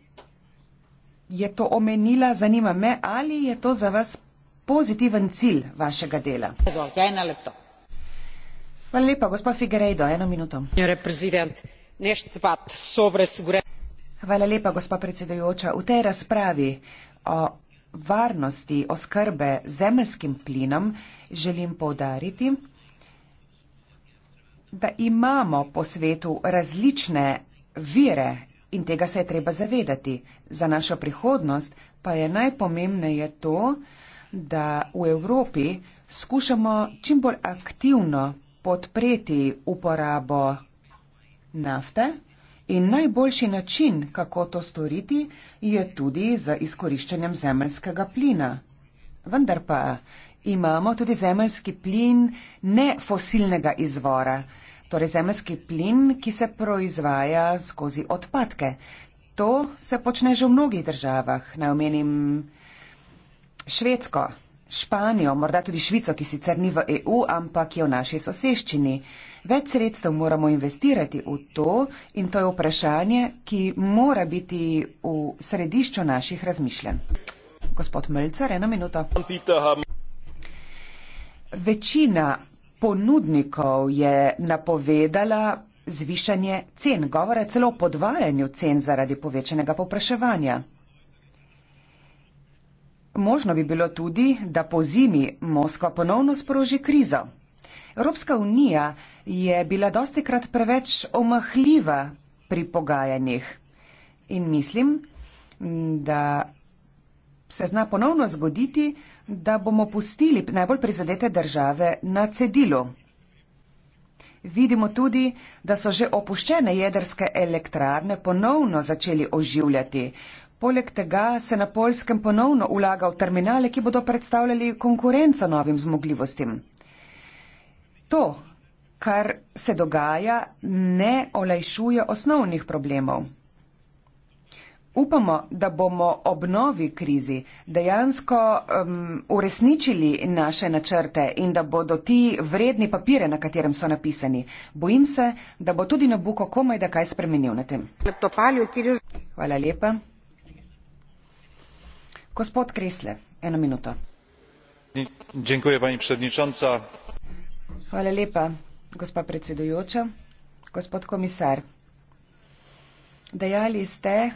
je to omenila. Zanima me, ali je to za vas pozitiven cilj vašega dela. Zdaj, ja, Hvala lepa, gospa predsedujoča. V tej razpravi o varnosti oskrbe zemljskim plinom želim povdariti, da imamo po svetu različne vire in tega se je treba zavedati. Za našo prihodnost pa je najpomembneje to, da v Evropi skušamo čim bolj aktivno podpreti uporabo nafte in najboljši način, kako to storiti, je tudi z izkoriščanjem zemeljskega plina. Vendar pa imamo tudi zemeljski plin nefosilnega izvora, torej zemeljski plin, ki se proizvaja skozi odpadke. To se počne že v mnogih državah, naj omenim Švedsko, Španijo, morda tudi Švico, ki sicer ni v EU, ampak je v naši soseščini. Več sredstev moramo investirati v to in to je vprašanje, ki mora biti v središču naših razmišljanj. Gospod Mlcar, eno minuto. Večina ponudnikov je napovedala zvišanje cen, govora celo o podvajanju cen zaradi povečanega popraševanja. Možno bi bilo tudi, da po zimi Moskva ponovno sproži krizo. Evropska unija je bila dosti krat preveč omahljiva pri pogajanjih in mislim, da se zna ponovno zgoditi, da bomo pustili najbolj prizadete države na cedilu. Vidimo tudi, da so že opuščene jedrske elektrarne ponovno začeli oživljati. Poleg tega se na Poljskem ponovno vlaga v terminale, ki bodo predstavljali konkurenco novim zmogljivostim. To, kar se dogaja, ne olajšuje osnovnih problemov. Upamo, da bomo ob novi krizi dejansko um, uresničili naše načrte in da bodo ti vredni papire, na katerem so napisani. Bojim se, da bo tudi Nabuko komaj da kaj spremenil na tem. Hvala lepa hvala lepa gospa predsedujoča gospod komisar dejali ste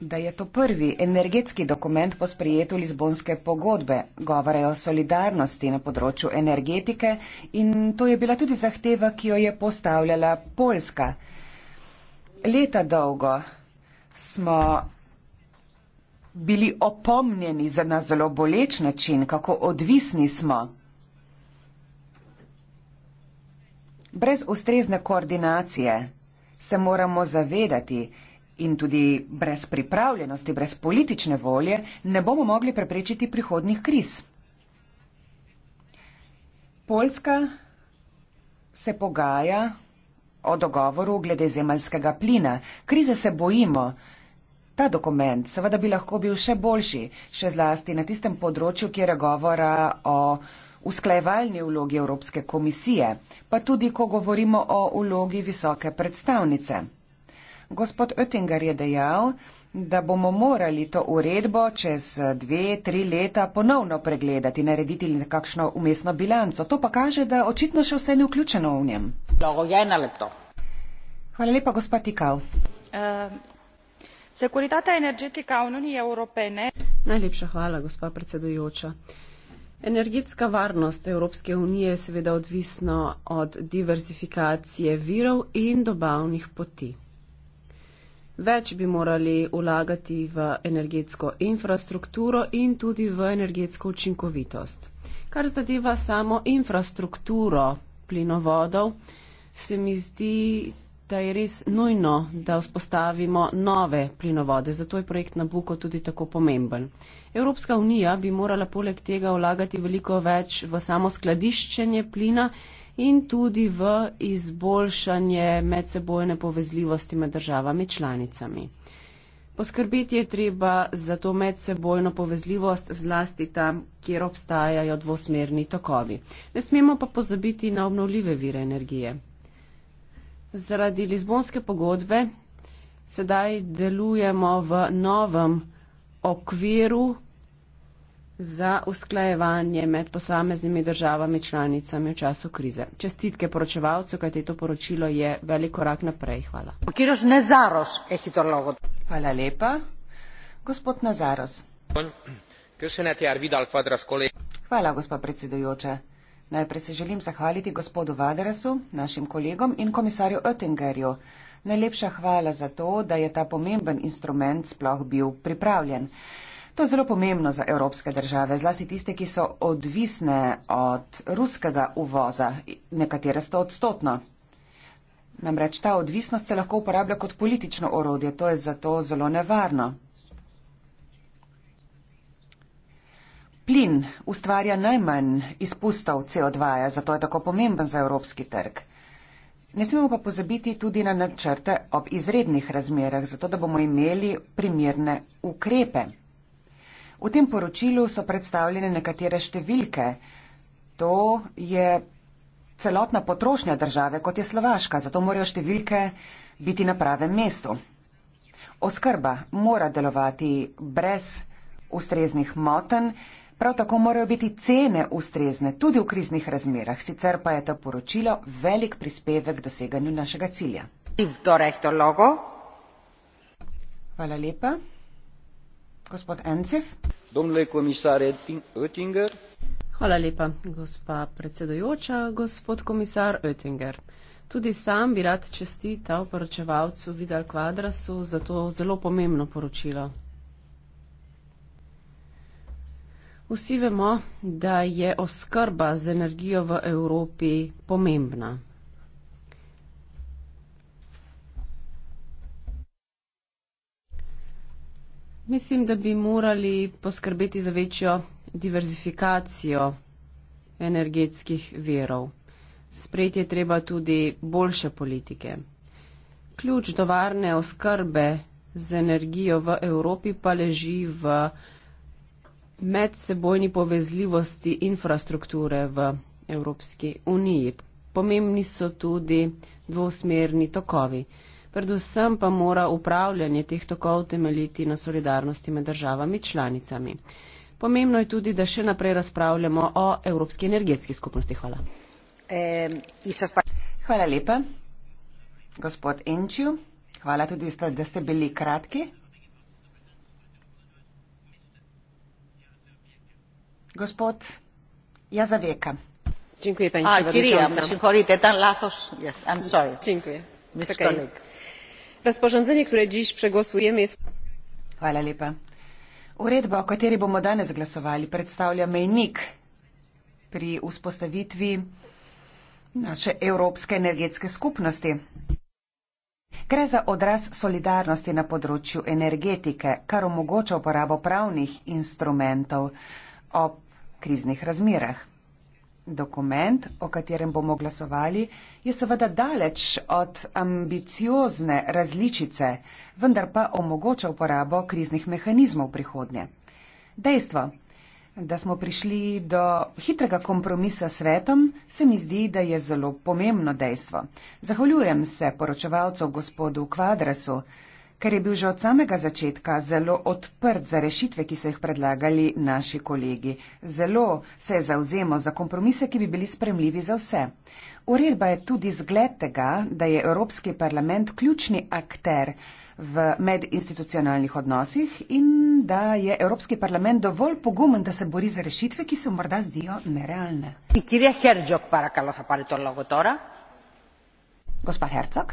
da je to prvi energetski dokument po sprejetju lizbonske pogodbe govore o solidarnosti na področju energetike in to je bila tudi zahteva ki jo je postavljala poljska leta dolgo smo bili opomnjeni za na zelo boleč način, kako odvisni smo. Brez ustrezne koordinacije se moramo zavedati in tudi brez pripravljenosti, brez politične volje ne bomo mogli preprečiti prihodnih kriz. Poljska se pogaja o dogovoru glede zemljskega plina. Krize se bojimo, Ta dokument seveda bi lahko bil še boljši, še zlasti na tistem področju, kjer je govora o usklajevalni vlogi Evropske komisije, pa tudi, ko govorimo o vlogi visoke predstavnice. Gospod Oettinger je dejal, da bomo morali to uredbo čez dve, tri leta ponovno pregledati, narediti nekakšno umestno bilanco. To pa kaže, da očitno še vse ni vključeno v njem. Ja, Hvala lepa, gospod Tikal. Uh... Najlepša hvala, gospa predsedujoča. Energetska varnost Evropske unije je seveda odvisna od diverzifikacije virov in dobavnih poti. Več bi morali vlagati v energetsko infrastrukturo in tudi v energetsko učinkovitost. Kar zadeva samo infrastrukturo plinovodov, se mi zdi, da je res nujno, da vzpostavimo nove plinovode. Zato je projekt Nabuko tudi tako pomemben. Evropska unija bi morala poleg tega vlagati veliko več v samo skladiščenje plina in tudi v izboljšanje medsebojne povezljivosti med državami članicami. Poskrbeti je treba za to medsebojno povezljivost zlasti tam, kjer obstajajo dvosmerni tokovi. Ne smemo pa pozabiti na obnovljive vire energije. Zaradi Lizbonske pogodbe sedaj delujemo v novem okviru za usklajevanje med posameznimi državami članicami v času krize. Čestitke poročevalcu, kajte to poročilo je velik korak naprej. Hvala. Hvala lepa. Gospod Nazaros. Hvala, gospa predsedujoča. Najprej se želim zahvaliti gospodu Vaderesu, našim kolegom in komisarju Oettingerju. Najlepša hvala za to, da je ta pomemben instrument sploh bil pripravljen. To je zelo pomembno za evropske države, zlasti tiste, ki so odvisne od ruskega uvoza, nekatere sto odstotno. Namreč ta odvisnost se lahko uporablja kot politično orodje, to je zato zelo nevarno. Plin ustvarja najmanj izpustov CO2, ja, zato je tako pomemben za evropski trg. Ne smemo pa pozabiti tudi na načrte ob izrednih razmerah, zato da bomo imeli primirne ukrepe. V tem poročilu so predstavljene nekatere številke. To je celotna potrošnja države, kot je Slovaška, zato morajo številke biti na pravem mestu. Oskrba mora delovati brez ustreznih motenj. Prav tako morajo biti cene ustrezne tudi v kriznih razmerah, sicer pa je to poročilo velik prispevek k doseganju našega cilja. Hvala lepa. Gospod Encef. Hvala lepa, gospa predsedojoča, gospod komisar Oettinger. Tudi sam bi rad čestital poročevalcu Vidal Kvadrasu za to zelo pomembno poročilo. Vsi vemo, da je oskrba z energijo v Evropi pomembna. Mislim, da bi morali poskrbeti za večjo diverzifikacijo energetskih verov. Sprejeti je treba tudi boljše politike. Ključ do varne oskrbe z energijo v Evropi pa leži v energiji medsebojni povezljivosti infrastrukture v Evropski uniji. Pomembni so tudi dvosmerni tokovi. Predvsem pa mora upravljanje teh tokov temeljiti na solidarnosti med državami članicami. Pomembno je tudi, da še naprej razpravljamo o Evropski energetski skupnosti. Hvala. Hvala lepa, gospod Enčiju. Hvala tudi, da ste bili kratki. gospod jazavica rozporządzenie które dziś przegłosujemy jest uredba o kateri bomo danes glasovali predstavlja mejnik pri vzpostavitvi naše evropske energetske skupnosti gre za odraz solidarnosti na področju energetike kar omogoča uporabo pravnih instrumentov ob kriznih razmerah. Dokument, o katerem bomo glasovali, je seveda daleč od ambiciozne različice, vendar pa omogoča uporabo kriznih mehanizmov prihodnje. Dejstvo, da smo prišli do hitrega kompromisa s svetom, se mi zdi, da je zelo pomembno dejstvo. Zahvaljujem se poročevalcu gospodu Kvadrasu, ker je bil že od samega začetka zelo odprt za rešitve, ki so jih predlagali naši kolegi. Zelo se je zauzemal za kompromise, ki bi bili spremljivi za vse. Uredba je tudi zgled tega, da je Evropski parlament ključni akter v medinstitucionalnih odnosih in da je Evropski parlament dovolj pogumen, da se bori za rešitve, ki se morda zdijo nerealne. Gospa Herzog.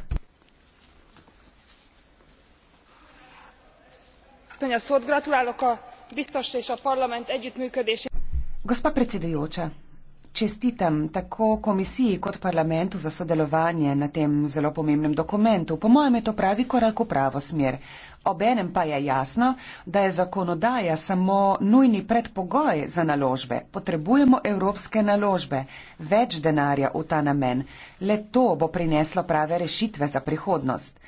asszony a szót. Gratulálok a biztos és a parlament együttműködésére. Gospa predsedujoča, Čestitam tako komisiji kot parlamentu za sodelovanje na tem zelo pomembnem dokumentu. Po mojem je to pravi korak v pravo smer. Obenem pa je jasno, da je zakonodaja samo nujni predpogoj za naložbe. Potrebujemo evropske naložbe, več denarja v ta namen. Le to bo prineslo prave rešitve za prihodnost.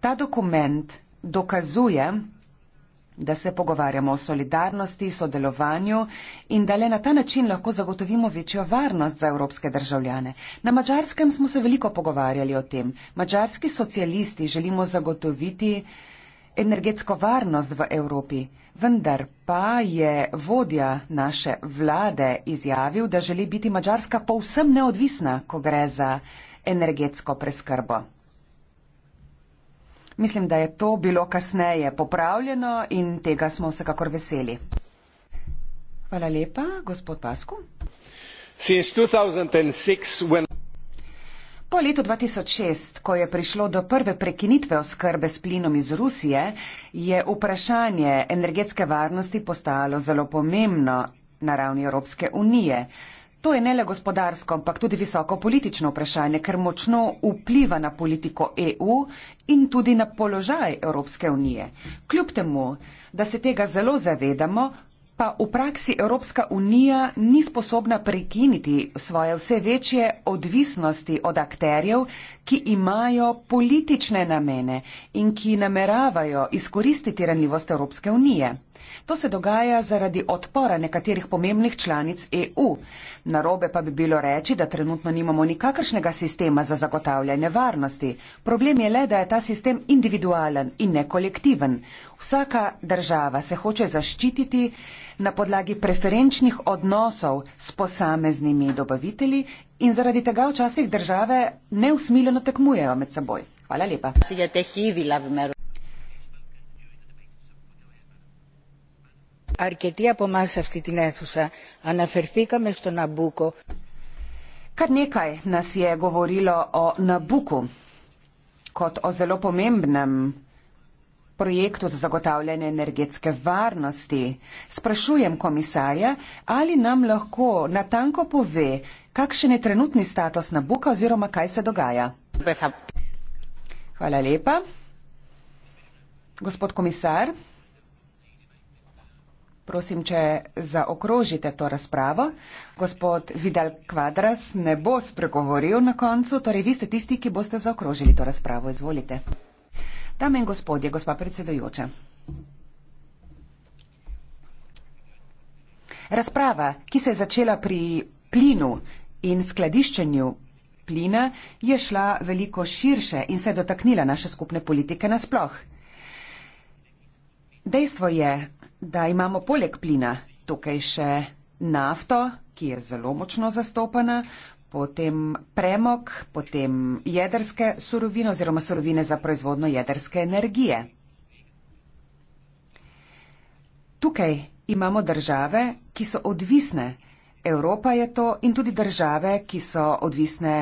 Ta dokument dokazuje, da se pogovarjamo o solidarnosti, sodelovanju in da le na ta način lahko zagotovimo večjo varnost za evropske državljane. Na mačarskem smo se veliko pogovarjali o tem. Mačarski socialisti želimo zagotoviti energetsko varnost v Evropi, vendar pa je vodja naše vlade izjavil, da želi biti Mačarska povsem neodvisna, ko gre za energetsko preskrbo. Mislim, da je to bilo kasneje popravljeno in tega smo vsekakor veseli. Hvala lepa, gospod Pasku. Po letu 2006, ko je prišlo do prve prekinitve oskrbe s plinom iz Rusije, je vprašanje energetske varnosti postalo zelo pomembno na ravni Evropske unije. To je ne le gospodarsko, ampak tudi visoko politično vprašanje, ker močno vpliva na politiko EU in tudi na položaj Evropske unije. Kljub temu, da se tega zelo zavedamo, pa v praksi Evropska unija ni sposobna prekiniti svoje vse večje odvisnosti od akterjev, ki imajo politične namene in ki nameravajo izkoristiti ranljivost Evropske unije. To se dogaja zaradi odpora nekaterih pomembnih članic EU. Narobe pa bi bilo reči, da trenutno nimamo nikakršnega sistema za zagotavljanje varnosti. Problem je le, da je ta sistem individualen in ne kolektiven. Vsaka država se hoče zaščititi na podlagi preferenčnih odnosov s posameznimi dobavitelji in zaradi tega včasih države neusmiljeno tekmujejo med seboj. Hvala lepa. αρκετοί από εμά σε αυτή την αίθουσα αναφερθήκαμε στο Ναμπούκο. Kar nekaj nas je govorilo o Nabuku kot o zelo pomembnem projektu za zagotavljanje energetske varnosti. Sprašujem komisarja, ali nam lahko natanko pove, kakšen je trenutni status Nabuka oziroma kaj se dogaja. Hvala lepa. Gospod komisar prosim, če zaokrožite to razpravo. Gospod Vidal Kvadras ne bo spregovoril na koncu, torej vi ste tisti, ki boste zaokrožili to razpravo. Izvolite. Dame in gospodje, gospa predsedujoča. Razprava, ki se je začela pri plinu in skladiščenju plina, je šla veliko širše in se je dotaknila naše skupne politike nasploh. Dejstvo je, da imamo poleg plina tukaj še nafto, ki je zelo močno zastopana, potem premog, potem jedrske surovine oziroma surovine za proizvodno jedrske energije. Tukaj imamo države, ki so odvisne, Evropa je to in tudi države, ki so odvisne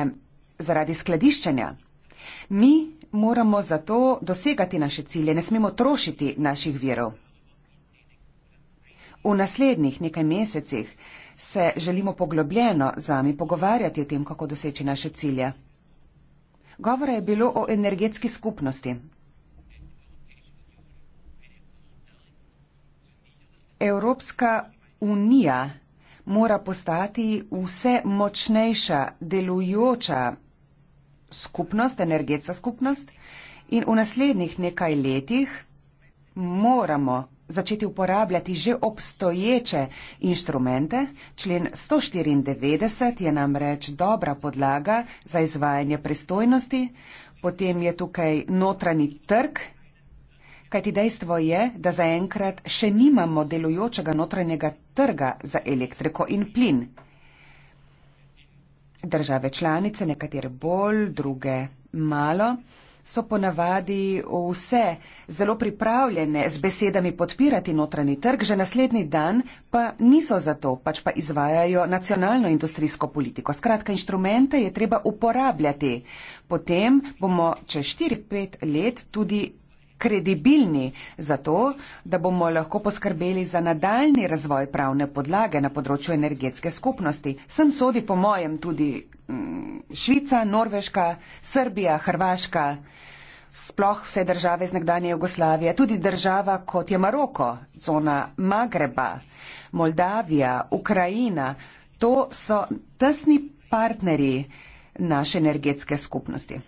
zaradi skladiščenja. Mi moramo zato dosegati naše cilje, ne smemo trošiti naših virov. V naslednjih nekaj mesecih se želimo poglobljeno z vami pogovarjati o tem, kako doseči naše cilje. Govora je bilo o energetski skupnosti. Evropska unija mora postati vse močnejša delujoča skupnost, energetska skupnost in v naslednjih nekaj letih moramo začeti uporabljati že obstoječe inštrumente. Člen 194 je namreč dobra podlaga za izvajanje pristojnosti, potem je tukaj notranji trg, kajti dejstvo je, da zaenkrat še nimamo delujočega notranjega trga za elektriko in plin. Države članice, nekatere bolj, druge malo so ponavadi vse zelo pripravljene z besedami podpirati notranji trg, že naslednji dan pa niso zato, pač pa izvajajo nacionalno industrijsko politiko. Skratka, inštrumente je treba uporabljati. Potem bomo čez 4-5 let tudi kredibilni za to, da bomo lahko poskrbeli za nadaljni razvoj pravne podlage na področju energetske skupnosti. Sem sodi po mojem tudi mm, Švica, Norveška, Srbija, Hrvaška sploh vse države iz nekdanje Jugoslavije, tudi država kot je Maroko, zona Magreba, Moldavija, Ukrajina, to so tesni partnerji naše energetske skupnosti.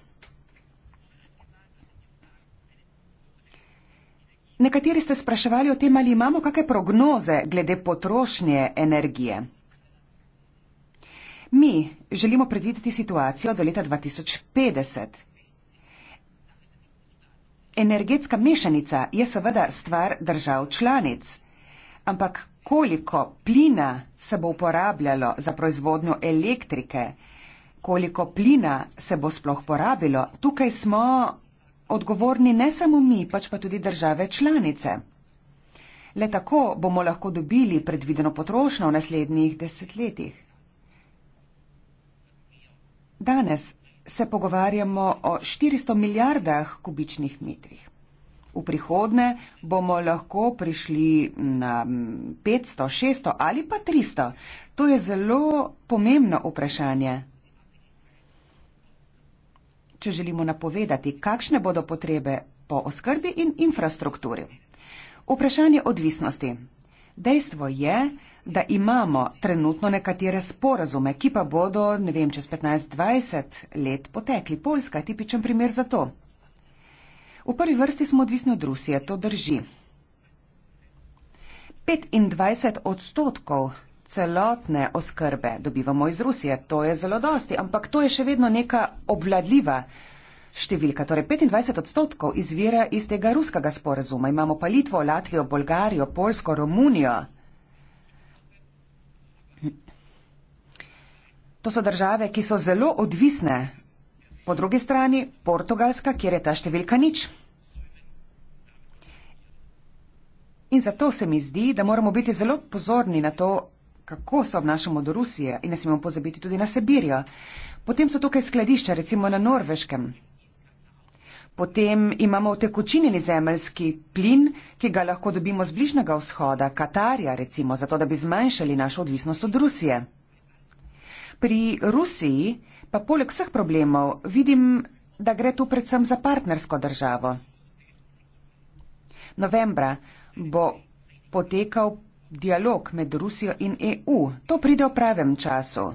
Nekateri ste spraševali o tem, ali imamo kakšne prognoze glede potrošnje energije. Mi želimo predvideti situacijo do leta 2050. Energetska mešanica je seveda stvar držav članic, ampak koliko plina se bo uporabljalo za proizvodnjo elektrike, koliko plina se bo sploh porabilo, tukaj smo odgovorni ne samo mi, pač pa tudi države članice. Le tako bomo lahko dobili predvideno potrošnjo v naslednjih desetletjih. Danes se pogovarjamo o 400 milijardah kubičnih metrih. V prihodne bomo lahko prišli na 500, 600 ali pa 300. To je zelo pomembno vprašanje. Če želimo napovedati, kakšne bodo potrebe po oskrbi in infrastrukturi. Vprašanje odvisnosti. Dejstvo je, da imamo trenutno nekatere sporazume, ki pa bodo, ne vem, čez 15-20 let potekli. Poljska je tipičen primer za to. V prvi vrsti smo odvisni od Rusije, to drži. 25 odstotkov celotne oskrbe dobivamo iz Rusije, to je zelo dosti, ampak to je še vedno neka obvladljiva Številka, torej 25 odstotkov, izvira iz tega ruskega sporazuma. Imamo pa Litvo, Latvijo, Bolgarijo, Polsko, Romunijo. To so države, ki so zelo odvisne. Po drugi strani Portugalska, kjer je ta številka nič. In zato se mi zdi, da moramo biti zelo pozorni na to, kako se obnašamo do Rusije in ne smemo pozabiti tudi na Sibirijo. Potem so tukaj skladišča, recimo na Norveškem. Potem imamo vtekočinjeni zemljski plin, ki ga lahko dobimo z bližnjega vzhoda, Katarja recimo, zato da bi zmanjšali našo odvisnost od Rusije. Pri Rusiji pa poleg vseh problemov vidim, da gre tu predvsem za partnersko državo. Novembra bo potekal dialog med Rusijo in EU. To pride v pravem času.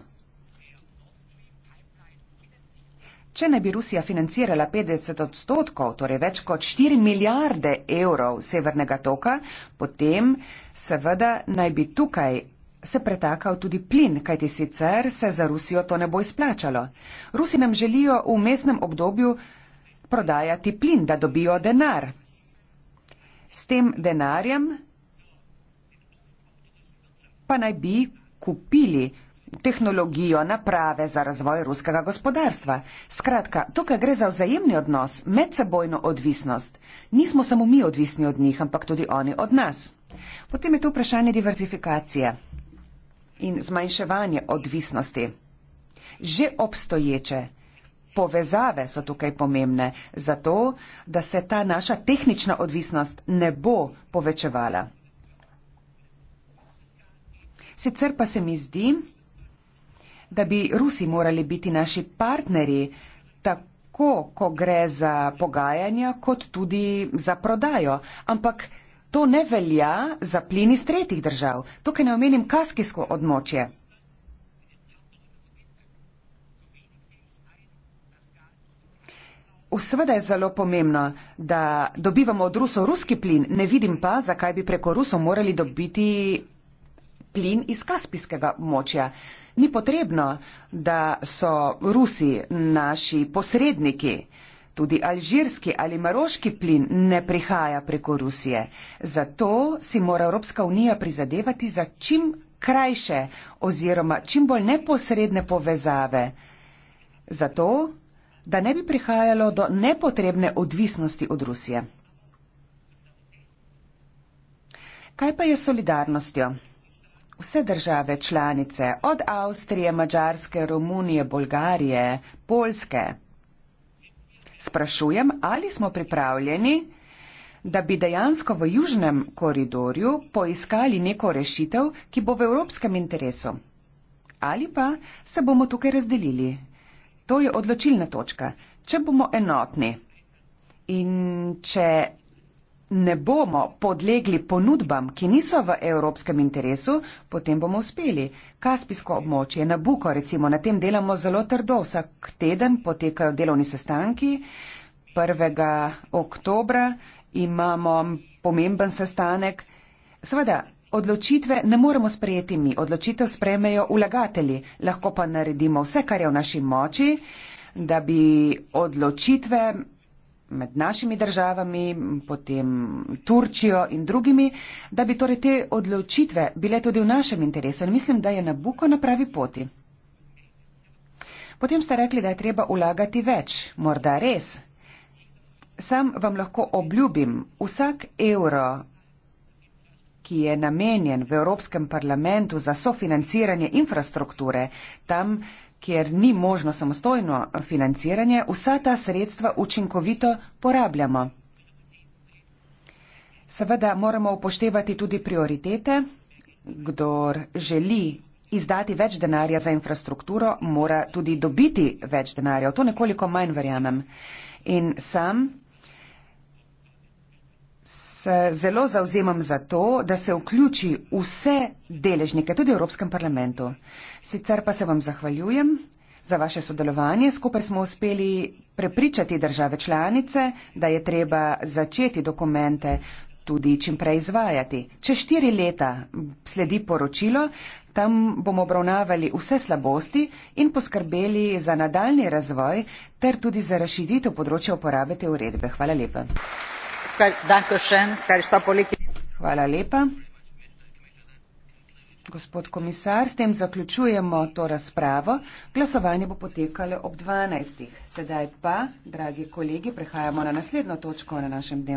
Če ne bi Rusija financirala 50 odstotkov, torej več kot 4 milijarde evrov severnega toka, potem seveda naj bi tukaj se pretakal tudi plin, kajti sicer se za Rusijo to ne bo izplačalo. Rusi nam želijo v mestnem obdobju prodajati plin, da dobijo denar. S tem denarjem pa naj bi kupili plin tehnologijo, naprave za razvoj ruskega gospodarstva. Skratka, tukaj gre za vzajemni odnos, medsebojno odvisnost. Nismo samo mi odvisni od njih, ampak tudi oni od nas. Potem je tu vprašanje diverzifikacije in zmanjševanje odvisnosti. Že obstoječe povezave so tukaj pomembne, zato da se ta naša tehnična odvisnost ne bo povečevala. Sicer pa se mi zdi, da bi Rusi morali biti naši partnerji, tako ko gre za pogajanja, kot tudi za prodajo. Ampak to ne velja za plin iz tretjih držav. Tukaj ne omenim kaskijsko območje. Vseda je zelo pomembno, da dobivamo od Rusov ruski plin, ne vidim pa, zakaj bi preko Rusov morali dobiti plin iz Kaspijskega močja. Ni potrebno, da so Rusi naši posredniki. Tudi alžirski ali maroški plin ne prihaja preko Rusije. Zato si mora Evropska unija prizadevati za čim krajše oziroma čim bolj neposredne povezave. Zato, da ne bi prihajalo do nepotrebne odvisnosti od Rusije. Kaj pa je solidarnostjo? Vse države članice, od Avstrije, Mačarske, Romunije, Bolgarije, Polske. Sprašujem, ali smo pripravljeni, da bi dejansko v južnem koridorju poiskali neko rešitev, ki bo v evropskem interesu. Ali pa se bomo tukaj razdelili. To je odločilna točka. Če bomo enotni in če ne bomo podlegli ponudbam, ki niso v evropskem interesu, potem bomo uspeli. Kaspijsko območje, Nabuko recimo, na tem delamo zelo trdo. Vsak teden potekajo delovni sestanki. 1. oktobra imamo pomemben sestanek. Sveda, odločitve ne moremo sprejeti mi, odločitev sprejmejo vlagatelji, lahko pa naredimo vse, kar je v naši moči, da bi odločitve med našimi državami, potem Turčijo in drugimi, da bi torej te odločitve bile tudi v našem interesu. In mislim, da je Nabuko na pravi poti. Potem ste rekli, da je treba ulagati več. Morda res. Sam vam lahko obljubim, vsak evro, ki je namenjen v Evropskem parlamentu za sofinanciranje infrastrukture, tam kjer ni možno samostojno financiranje, vsa ta sredstva učinkovito porabljamo. Seveda moramo upoštevati tudi prioritete. Kdor želi izdati več denarja za infrastrukturo, mora tudi dobiti več denarja. V to nekoliko manj verjamem. In sam se zelo zauzemam za to, da se vključi vse deležnike, tudi v Evropskem parlamentu. Sicer pa se vam zahvaljujem za vaše sodelovanje. Skupaj smo uspeli prepričati države članice, da je treba začeti dokumente tudi čim prej izvajati. Čez štiri leta sledi poročilo, tam bomo obravnavali vse slabosti in poskrbeli za nadaljni razvoj ter tudi za razširitev področja uporabe te uredbe. Hvala lepa. Hvala lepa. Gospod komisar, s tem zaključujemo to razpravo. Glasovanje bo potekalo ob 12. Sedaj pa, dragi kolegi, prehajamo na naslednjo točko na našem dnevnem.